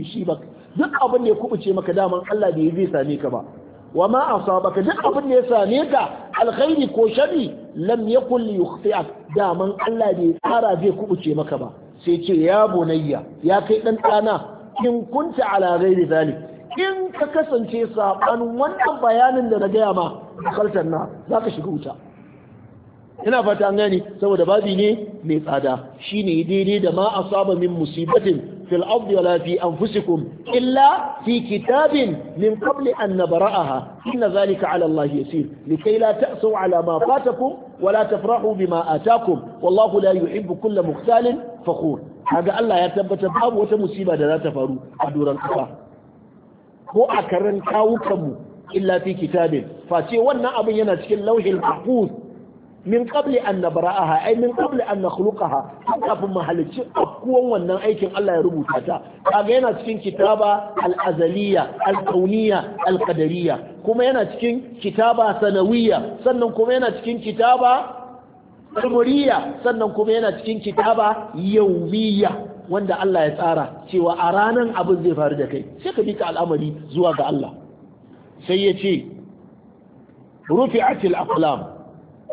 yusibak duk abin da ya kubuce maka daman Allah ya zai same ka ba wa ma asabaka duk abin da ya same ka alkhairi ko shari lam yakul a daman Allah bai tsara zai kubuce maka ba sai ce ya bunayya ya kai dan dana in kunta ala ghairi zalik in ka kasance sabanin wannan bayanin da na gaya ma kartar na zaka shiga wuta ina fata an gani saboda babi ne mai tsada shine daidai da ma asaba min musibatin fil ardi wala fi anfusikum illa fi kitabin min kabli an nabra'aha inna zalika ala Allah yasir likay la ta'su ala ma fatakum wala tafrahu bima atakum wallahu la yuhibbu kulla muktalin fakhur kaga Allah ya tabbatar babu wata musiba da za ta faru a duran kafa ko a karen kawukanmu illa fi kitabin face wannan abin yana cikin lauhin mahfuz min qabli an nabra'aha ai min kabli an nakhluqaha kafin mu halicci afkuwan wannan aikin Allah ya rubuta ta kaga yana cikin kitaba al-azaliya al-kauniyya al-qadariyya kuma yana cikin kitaba sanawiyya sannan kuma yana cikin kitaba umuriyya sannan kuma yana cikin kitaba yawmiyya wanda Allah ya tsara cewa a ranan abin zai faru da kai sai ka bika al'amari zuwa ga Allah sai ya ce rufi'atil aqlam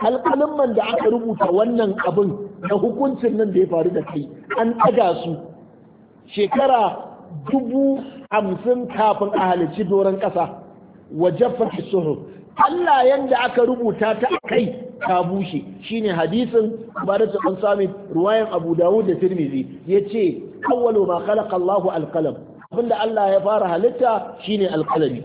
alƙalimman da aka rubuta wannan abin da hukuncin nan da ya faru da kai an ɗaga su shekara dubu hamsin kafin a halicci doron ƙasa wajen suhur Allah yanda aka rubuta ta kai ta bushe shine hadisin baratu an sami ruwayan Abu Dawud da Tirmidhi yace awwalu ma khalaqa Allahu al-qalam abinda Allah ya fara halitta shine alƙalami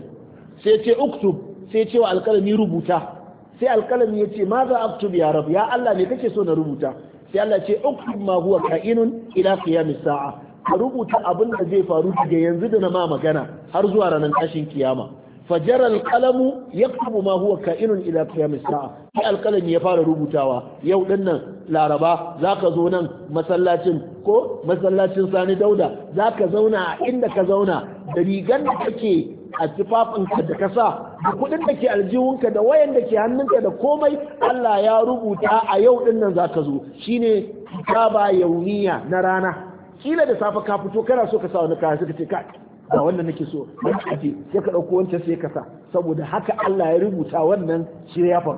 sai ce uktub sai ce wa alƙalami rubuta sai alkalami ya ce ma za aktubu ya rabu ya Allah ne kake so na rubuta sai Allah ce uktub ma huwa ka'inun ila qiyamis sa'a ka rubuta abin da zai faru daga yanzu da na ma magana har zuwa ranar tashin kiyama fajar alƙalamu ya kubu ma huwa ka'inun ila qiyamis sa'a sai alkalami ya fara rubutawa yau din nan laraba zaka zo nan masallacin ko masallacin sani dauda za ka zauna a inda ka zauna da rigar da kake a tufafinka da ka sa da kuɗin da ke aljihunka da wayan da ke hannunka da komai Allah ya rubuta a yau ɗin nan za ka zo shine kitaba yauniya na rana kila da safe ka fito kana so ka sa wani kaya suka ce ka ga wannan nake so dan aje sai ka dauko wancan sai ka sa saboda haka Allah ya rubuta wannan shirya fa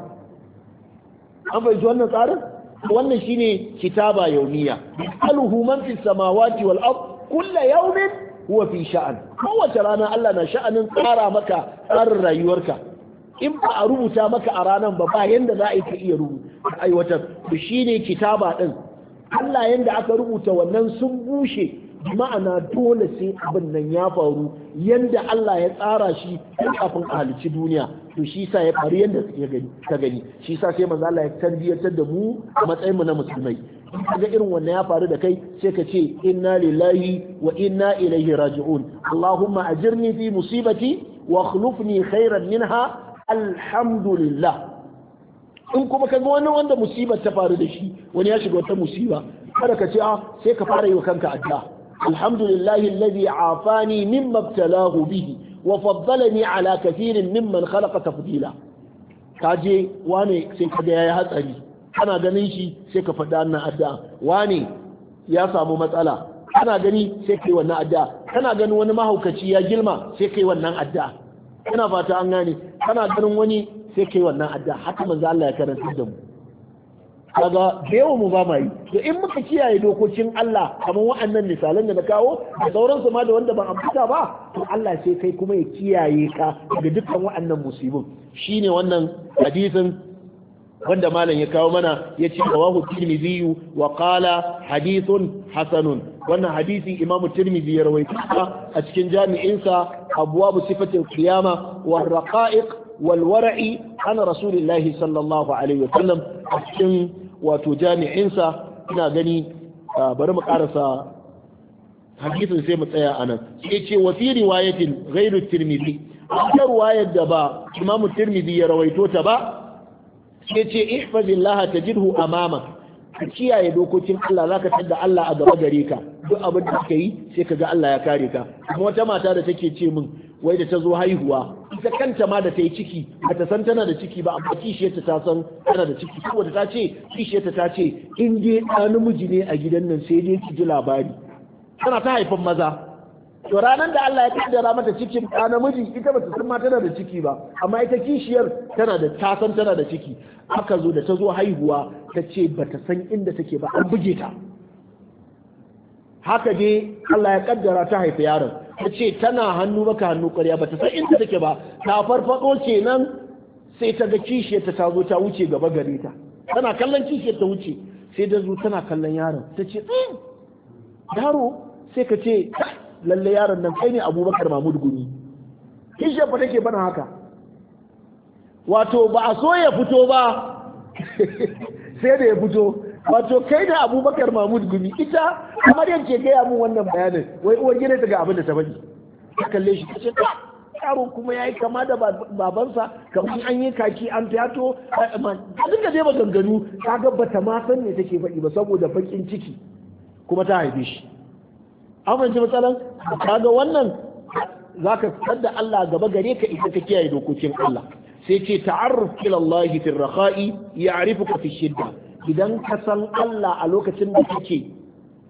an bai wannan tsarin wannan shine kitaba yaumiya alhuman fi samawati wal ard kullu yawmin huwa fi sha'an kowace rana Allah na sha'anin tsara maka tsarin rayuwarka in ba a rubuta maka a ranar ba ba yanda za a yi iya rubuta aiwatar to shine kitaba din Allah yanda aka rubuta wannan sun bushe ma'ana dole sai abin nan ya faru yanda Allah ya tsara shi kafin a halici duniya to shi sa ya faru yanda ka gani shi sa sai manzo Allah ya tarbiyatar da mu a matsayin mu na musulmai kaga irin wannan ya faru da kai sai ka ce inna lillahi wa inna ilaihi raji'un allahumma ajirni fi musibati wa akhlifni khairan minha alhamdulillah in kuma kaga wani wanda musibar ta faru da shi wani ya shiga wata musiba kada ka ce a ah, sai ka fara yi wa kanka addu'a alhamdulillahi alladhi afani mimma ibtalahu bihi wa faddalani ala kathirin mimman khalaqa tafdila kaje wane sai kaga yayi hatsari ana ganin shi sai ka faɗi wannan addu'a wani ya samu matsala kana gani sai kai wannan addu'a kana ganin wani mahaukaci ya gilma sai kai wannan addu'a Kana fata an gane kana ganin wani sai kai wannan addu'a haka manzo Allah ya karanta da mu kaga da mu ba ma yi in muka kiyaye dokokin Allah kamar wa'annan misalan da na kawo da su ma da wanda ban ambata ba to Allah sai kai kuma ya kiyaye ka daga dukkan wa'annan musibin shine wannan hadisin wanda malam ya kawo mana ya ce rawahu tirmidhi wa qala hadithun hasanun wannan hadisi imamu tirmidhi ya rawaito a cikin jami'insa abwabu sifatil qiyama wa raqa'iq wal war'i an rasulillahi sallallahu alaihi wa sallam a cikin wato jami'insa ina gani bari mu karasa hadisin sai mu tsaya anan sai ce wa fi riwayatin ghairu tirmidhi a ruwayar da ba imamu tirmidhi ya rawaito ta ba ya ce ta a amama ka kiyaye dokokin Allah za ka tadda Allah a gaba gare ka duk abin da suka yi sai ka ga Allah ya kare ka kuma wata mata da take ce min wai da ta zo haihuwa ita kanta ma da ta yi ciki ba ta san tana da ciki ba amma kishiyarta ta san tana da ciki saboda ta ce kishiyarta ta ce in dai ɗan namiji ne a gidan nan sai dai ki ji labari tana ta haifan maza to ranar da Allah ya kaddara mata cikin ɗa namiji ita bata san ma tana da ciki ba amma ita kishiyar tana da ta san tana da ciki aka zo da ta zo haihuwa ta ce bata san inda take ba an buge ta haka dai Allah ya kaddara ta haifi yaron ta ce tana hannu maka hannu ƙwarya bata san inda take ba ta farfado kenan sai ta ga kishiyar ta zo ta wuce gaba gare ta tana kallon kishiyar ta wuce sai da zo tana kallon yaron ta ce mm, yaro sai ka ce lalle yaron nan kai ne abubakar mahmud gumi kishin fa take bana haka wato ba a so ya fito ba sai da ya fito wato kai ne abubakar mahmud gumi ita kamar ke gaya mun wannan bayanin wai uwar gida ta ga abin da ta bari? ta kalle shi ta ce ah, yaro kuma ya yi kama da babansa kamar an yi kaki an fiyato eh, a duka dai ba ganganu ta ga bata ma san ne take faɗi ba saboda baƙin ciki kuma ta haife shi amince matsalan kaga wannan zaka sadda Allah gaba gare ka isa ka kiyaye dokokin Allah sai ce ta'arruf ila Allah fi rakha'i ya'rifuka fi shidda idan ka san Allah a lokacin da kake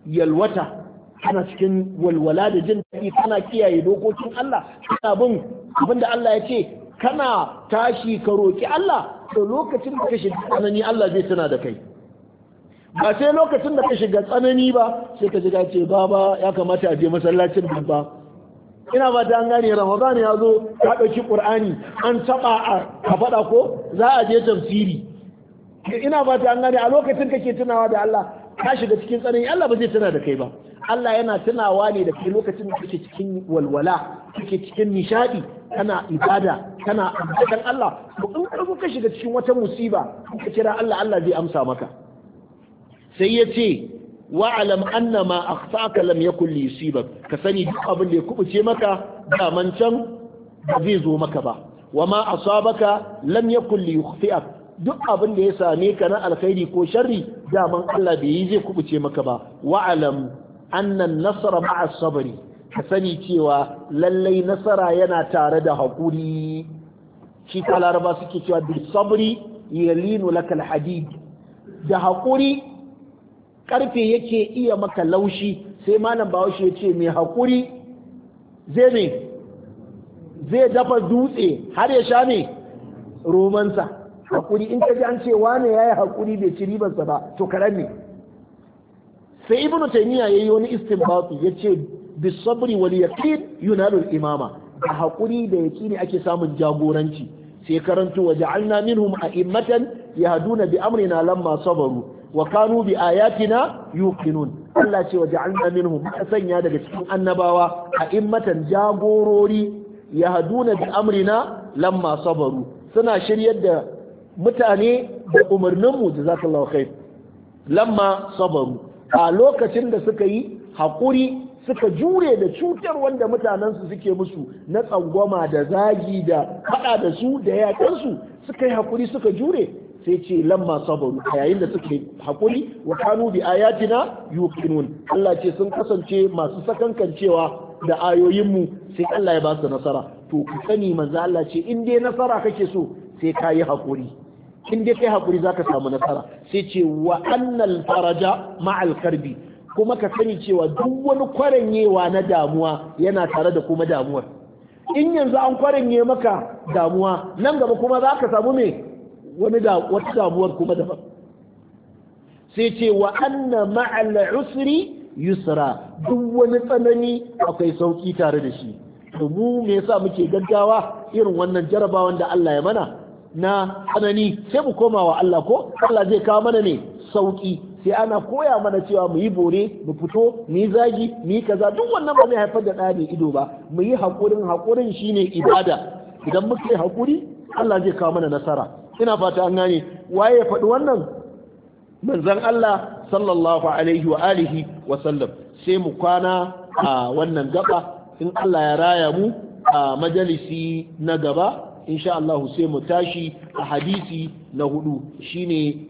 yalwata kana cikin walwala da jin daɗi kana kiyaye dokokin Allah kana bin abin da Allah ya ce kana tashi ka roki Allah to lokacin da ka shiga tsanani Allah zai tuna da kai ba sai lokacin da ka shiga tsanani ba sai ka ji ce ba ba ya kamata a je masallacin babba ina ba ta gane ramadan ya zo ka ɗauki qur'ani an taɓa a ka faɗa ko za a je tafsiri ina ba ta gane a lokacin kake tunawa da Allah ka shiga cikin tsanani Allah ba zai tuna da kai ba Allah yana tunawa ne da kai lokacin da kake cikin walwala kake cikin nishadi kana ibada kana addu'a Allah to in ka shiga cikin wata musiba ka kira Allah Allah zai amsa maka sai ya ce wa'alam anna ma akhtaka lam yakun yusibak ka sani duk abin da ya kubuce maka da mancan ba zai zo maka ba wa ma asabaka lam yakun li yukhti'ak duk abin da ya same ka na alkhairi ko sharri daman Allah bai yi zai kubuce maka ba wa'alam anna an-nasra ma'a sabri ka sani cewa lallai nasara yana tare da hakuri shi ta laraba suke cewa bi sabri yalinu lakal hadid da hakuri karfe yake iya maka laushi sai malam bahaushe ya ce mai haƙuri zai ne zai dafa dutse har ya sha ne romansa haƙuri in ka ji an ce wane ya yi haƙuri bai ci ribarsa ba to karan sai ibnu taymiya yayi wani istinbati yace bi sabri wal yaqin yunalu al imama da haƙuri da yaqini ake samun jagoranci sai karanto wa ja'alna minhum a'immatan yahduna bi amrina lamma sabaru Wakanubi a Yakina ayatina Allah ce waja'alna minhum ka sanya daga cikin annabawa a immatan jagorori yahduna bi amrina lamma sabaru suna shiryar da mutane da umarnin mu jazakallahu khair lamma sabaru a lokacin da suka yi haƙuri suka jure da cutar wanda mutanensu suke musu na tsangwama da zagi da faɗa da su da yaƙansu suka yi haƙuri suka jure sai ce lamma sabaru a yayin da suke hakuri wa kanu bi ayatina yuqinun Allah ce sun kasance masu sakankancewa da ayoyinmu sai Allah ya ba su nasara to ku sani manzo Allah ce in dai nasara kake so sai ka yi hakuri in dai kai hakuri zaka samu nasara sai ce wa annal faraja ma'al karbi kuma ka sani cewa duk wani kwarenyewa na damuwa yana tare da kuma damuwar in yanzu an kwaranye maka damuwa nan gaba kuma za ka samu me wani da wata damuwar kuma daban sai ce wa anna ma'al usri yusra duk wani tsanani akwai sauki tare da shi to mu me yasa muke gaggawa irin wannan jarabawan da Allah ya mana na tsanani sai mu koma wa Allah ko Allah zai kawo mana ne sauki sai ana koya mana cewa mu yi bore mu fito mu yi zagi mu yi kaza duk wannan ba zai haifar da ɗani ido ba mu yi haƙurin haƙurin shine ibada idan muka yi haƙuri Allah zai kawo mana nasara ina fata an gane waye ya faɗi wannan manzon Allah sallallahu alaihi wa alihi wa sallam sai mu kwana a wannan gaba in Allah ya raya mu a majalisi na gaba insha Allah sai mu tashi a hadisi na hudu shine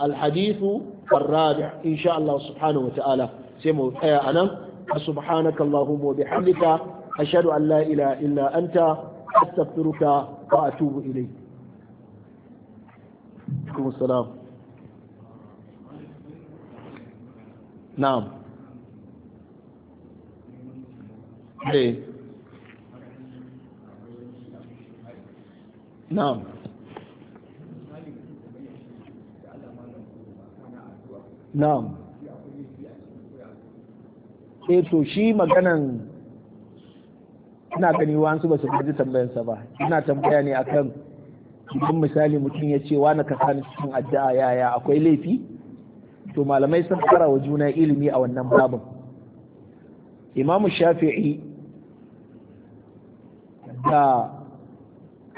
al-hadithu الرابع إن شاء الله سبحانه mu سيمو أنا سبحانك اللهم وبحمدك أشهد أن لا إله إلا أنت أستغفرك وأتوب إليك alaikum salam eh to shi maganan ina gani wasu ba su ji tambayansa ba ina tambaya ne akan kamar misali mutum ya ce wani ka sani cikin addu'a yaya akwai laifi to malamai sun fara wa juna ilimi a wannan babin imamu shafi'i da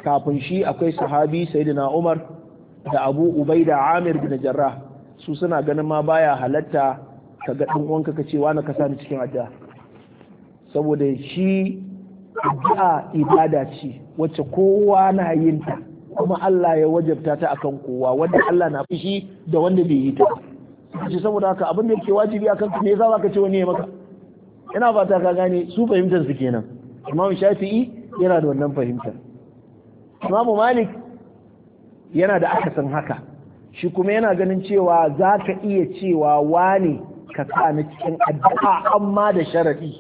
kafin shi akwai sahabi sayyidina umar da abu ubaida amir bin jarra su suna ganin ma baya halatta ka ga ɗan uwanka ka ce wani ka sani cikin addu'a saboda shi addu'a ibada ce wacce kowa na yin ta kuma Allah ya wajabta ta akan kowa wanda Allah na fushi da wanda bai yi ta ce saboda haka abin da yake wajibi akan ka ne yasa ka ce wani ya maka ina fata ka gane su fahimtar su kenan Imam Shafi'i yana da wannan fahimtar Imam Malik yana da akasin haka shi kuma yana ganin cewa za ka iya cewa wane ka sa cikin addu'a amma da sharaɗi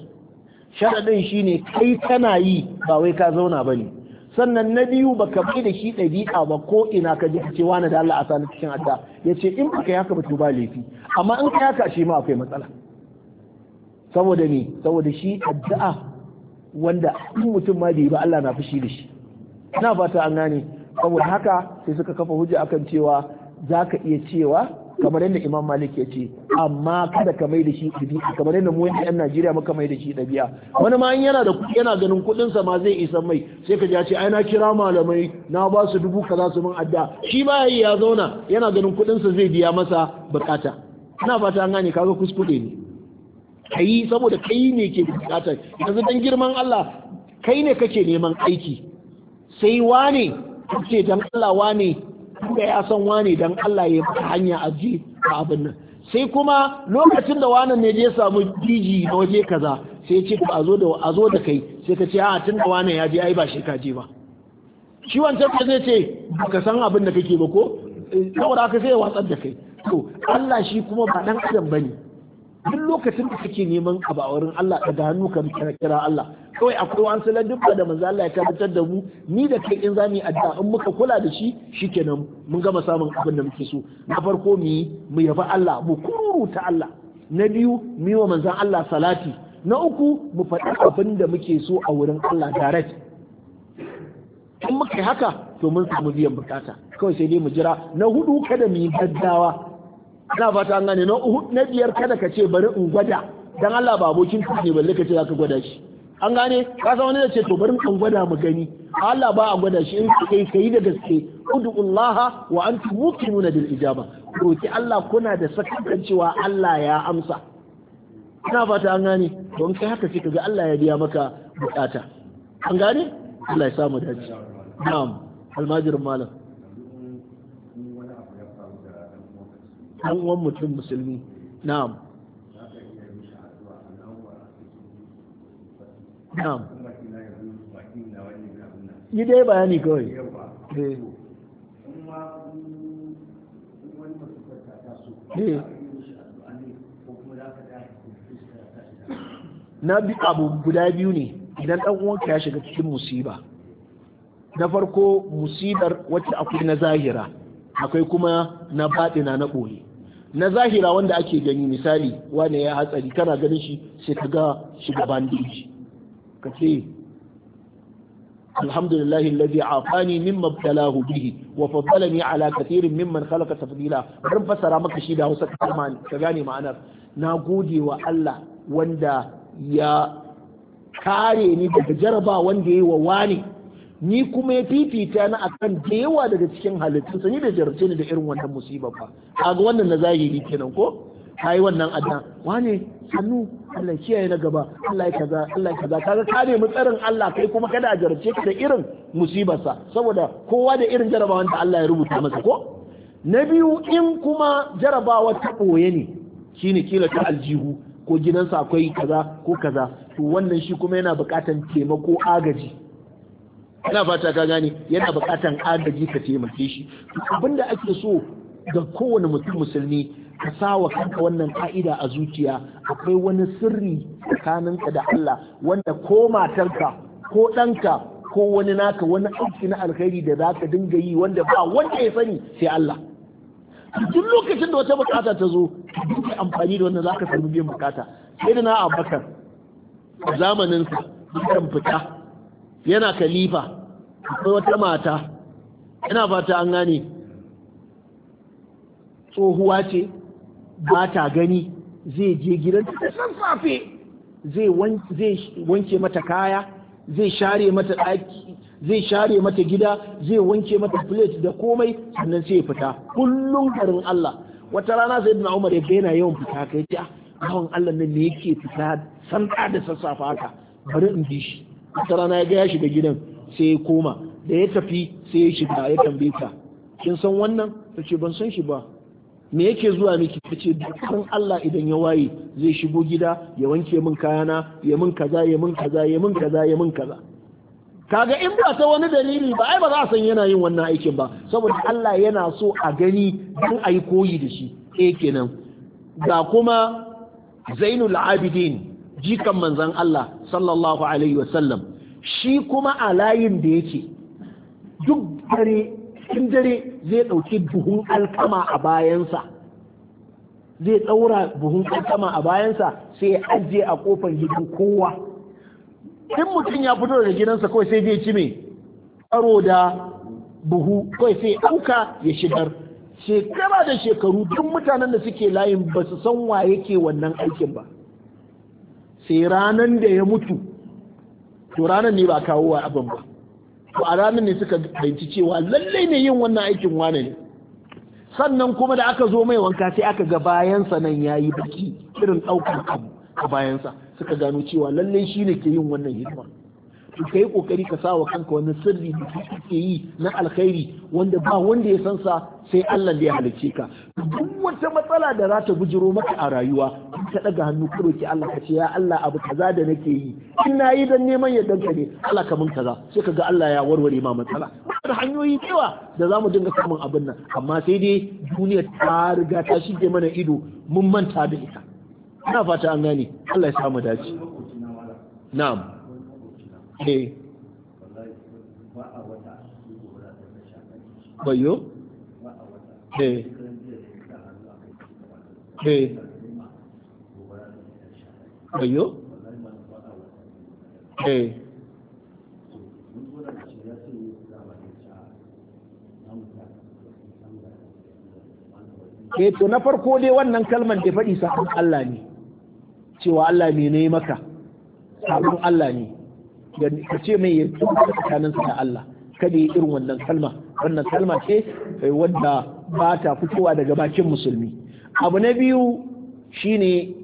sharaɗin shine kai kana yi ba wai ka zauna bane ne sannan na biyu ba ka bai da shi ɗabi'a ba ko ina ka ji ce wani da Allah a sani cikin adda ya ce in baka yaka ba to ba laifi amma in ka yaka shi ma akwai matsala saboda ne saboda shi addu'a wanda in mutum ma bai ba Allah na fushi da shi ina fata an gane saboda haka sai suka kafa hujja akan cewa zaka iya cewa kamar yadda imam malik ya ce amma kada ka mai da shi ɗabi'a kamar yadda mu yan najeriya muka mai da shi ɗabi'a wani ma yana da yana ganin kuɗin sa ma zai isa mai sai ka ji ya ce ai na kira malamai na ba su dubu kaza su min adda shi ba yayi ya zauna yana ganin kuɗinsa zai biya masa bukata ina fata an gane kaga kuskure ne kai saboda kai ne ke bukata yanzu dan girman Allah kai ne kake neman aiki sai wane kace dan Allah wane da ya san wani dan Allah ya maka hanya a ji a abin nan sai kuma lokacin da wani ne ya samu jiji na waje kaza sai ce a zo da a zo da kai sai ka ce a tun da wani ya je ai ba shi ka je ba shi wancan ka zai ce baka san abin da kake ba ko saboda haka sai ya watsar da kai to Allah shi kuma ba dan adam bane duk lokacin da kake neman abawarin Allah da hannu ka kira Allah kawai akwai wasu ladubba da manzo Allah ya tabbatar da mu ni da kai in zamu yi addu'a in muka kula da shi shikenan mun gama samun abin da muke so na farko mu mu yaba Allah mu kururu ta Allah na biyu mu yi wa manzon Allah salati na uku mu faɗi abin da muke so a wurin Allah direct in muka yi haka to mun samu biyan bukata kawai sai dai mu jira na hudu kada mu yi gaggawa ina fata an gane na biyar kada ka ce bari in gwada dan Allah ba abokin ka ne balle ka ce ka gwada shi an gane ka san wani da ce to bari an gwada mu gani Allah ba a gwada shi in kai kai da gaske ud'ullaha wa antum muqimuna bil ijaba roki Allah kuna da sakan cewa Allah ya amsa ina fata an gane to in kai haka sai kaga Allah ya biya maka bukata an gane Allah ya samu dace na'am almajir malam an uwan mutum musulmi na'am na'am bayani kawai eh. eh. na bi abu guda biyu ne idan ɗan ya shiga cikin musiba na farko musibar wacce akwai na zahira akwai kuma na baɗina na ɓoye na zahira wanda ake gani misali wane ya hatsari kana ganin shi sai ka ga shiga bandeji kace ce alhamdulillahi alladhi afani mimma btalahu bihi wa faddalani ala kathirin mimman khalaqa tafdila bari fasara maka shi da Hausa ka gane ma'anar na gode wa Allah wanda ya kare ni daga jaraba wanda yayi wa wani ni kuma ya fifita ni akan da yawa daga cikin halittun. Sani da jarce ni da irin wannan musiba ba kaga wannan na zahiri kenan ko ta yi wannan adda wane hannu Allah kiyaye na gaba Allah ya kaza Allah ya kaza kaga ka nemi tsarin Allah kai kuma kada a jarabce ka da irin musibarsa saboda kowa da irin jarabawan da Allah ya rubuta masa ko na biyu in kuma jarabawa ta boye ne shine kila ta aljihu ko gidansa akwai kaza ko kaza to wannan shi kuma yana buƙatan taimako agaji ina fata ka gane yana buƙatan agaji ka taimake shi abinda ake so ga kowane mutum musulmi ka sa wa kanka wannan ka'ida a zuciya akwai wani sirri tsakaninka da Allah wanda ko matarka ko ɗanka ko wani naka wani aiki na alkhairi da za ka dinga yi wanda ba wanda ya sani sai Allah duk lokacin da wata bukata ta zo ka amfani da wannan za ka samu biyan bukata sai da na abakar zamaninsa dukkan fita yana kalifa akwai wata mata yana fata an gane tsohuwa ce ba ta gani zai je ta san safe zai wanke mata kaya zai share mata ɗaki zai share mata gida zai wanke mata plate da komai sannan sai ya fita kullum garin Allah wata rana sai na Umar ya yana yawan fita kai ta ah, yawan Allah nan ne yake fita san da sassafe haka bari in bi shi wata rana ya gaya shiga gidan sai ya koma da ya tafi sai ya shiga ya tambaye ka kin san wannan ce ban san shi ba me yake zuwa miki ta ce dukkan Allah idan ya waye zai shigo gida ya wanke min kayana ya min kaza ya min kaza ya min kaza ya min kaza kaga in ba ta wani dalili ba ai ba za a san yana yin wannan aikin ba saboda Allah yana so a gani dan a koyi da shi eh kenan ga kuma Zainul Abidin jikan manzon Allah sallallahu alaihi wasallam shi kuma a layin da yake duk dare cikin dare zai ɗauki buhun alkama a bayansa zai ɗaura buhun alkama a bayansa sai ya ajiye a ƙofar gidan kowa in mutum ya fito daga gidansa kawai sai zai ci mai tsaro da buhu kawai sai ɗauka ya shigar shekara da shekaru duk mutanen da suke layin ba su san wa yake wannan aikin ba sai ranar da ya mutu to ranar ne ba kawo wa abin ba to a ranar ne suka fahimci cewa lallai ne yin wannan aikin wane ne sannan kuma da aka zo mai wanka sai aka ga bayansa nan ya yi baki irin ɗaukar abu a bayansa suka gano cewa lallai shi ne ke yin wannan hidima ka kai kokari ka sa wa kanka wani sirri da kake yi na alkhairi wanda ba wanda ya san sa sai Allah da ya halicce ka duk wata matsala da za ta bujiro maka a rayuwa ka daga hannu ka roki Allah ka ce ya Allah abu kaza da nake yi in yi dan neman yardan ka ne Allah ka mun kaza sai ka ga Allah ya warware ma matsala da hanyoyi cewa da zamu mu dinga samun abin nan amma sai dai duniya ta riga ta shige mana ido mun manta da ita ina fata an gane Allah ya samu dace na'am e eh. bayo eh eh bayo eh eh to na farko dai wannan kalmar da faɗi sabon Allah ne cewa Allah ne ne maka sabon Allah ne ka ce mai ya tuba tsakanin da Allah kada yi irin wannan kalma wannan kalma ce eh, wadda ba ta fitowa daga bakin musulmi abu na biyu shine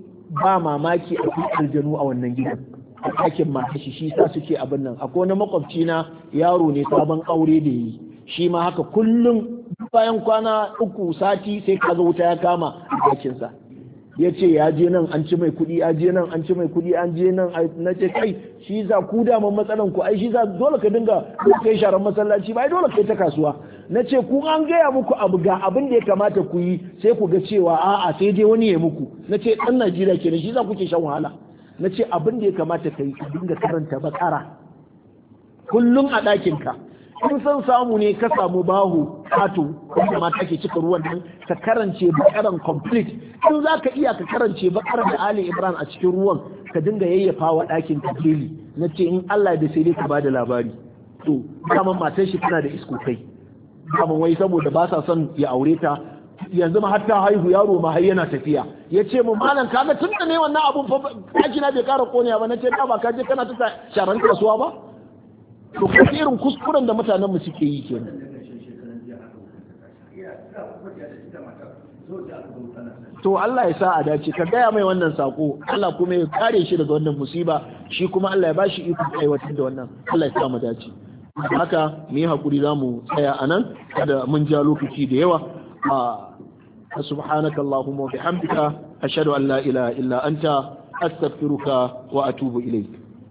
ba mamaki a aljanu a wannan gidan a ɗakin mata shi sa suke abin nan akwai wani makwabci na yaro ne sabon aure da yi shi ma haka kullum bayan kwana uku sati sai ka zo wuta ya kama a ɗakinsa ya ce ya je nan an ci mai kuɗi ya je nan an ci mai kuɗi an je nan na ce kai shi za ku daman matsalan ku ai shi za dole ka dinga kai sharan masallaci ba ai dole kai ta kasuwa na ce ku an gaya muku abu ga abin da ya kamata ku yi sai ku ga cewa a'a sai dai wani ya muku na ce ɗan Najeriya ke shi za kuke shan wahala na ce abin da ya kamata ka yi ka dinga karanta bakara kullum a ɗakinka ka in san samu ne ka samu bahu kato wanda mata ke cika ruwan nan ka karance bakaran complete in za ka iya ka karance bakar da ali Ibrahim a cikin ruwan ka dinga yayyafawa wa ɗakin tabili na ce in allah da sai dai ka bada labari to kamar matan shi tana da isko kai daman wai saboda ba sa son ya aure ta yanzu ma hatta haihu yaro ma har yana tafiya ya ce mu malam kaga tun da ne wannan abun fa ɗakina bai kara konewa ba na ce ba ka je kana ta sharan suwa ba to irin kuskuren da mutanen mu suke yi kenan to Allah ya sa a dace ka gaya mai wannan sako Allah kuma ya kare shi daga wannan musiba shi kuma Allah ya ba shi iko aiwatar da wannan Allah ya sa mu dace haka mu yi hakuri za mu tsaya a nan kada mun ja lokaci da yawa a subhanaka allahumma wa bihamdika ashhadu an la ilaha illa anta astaghfiruka wa atubu ilayk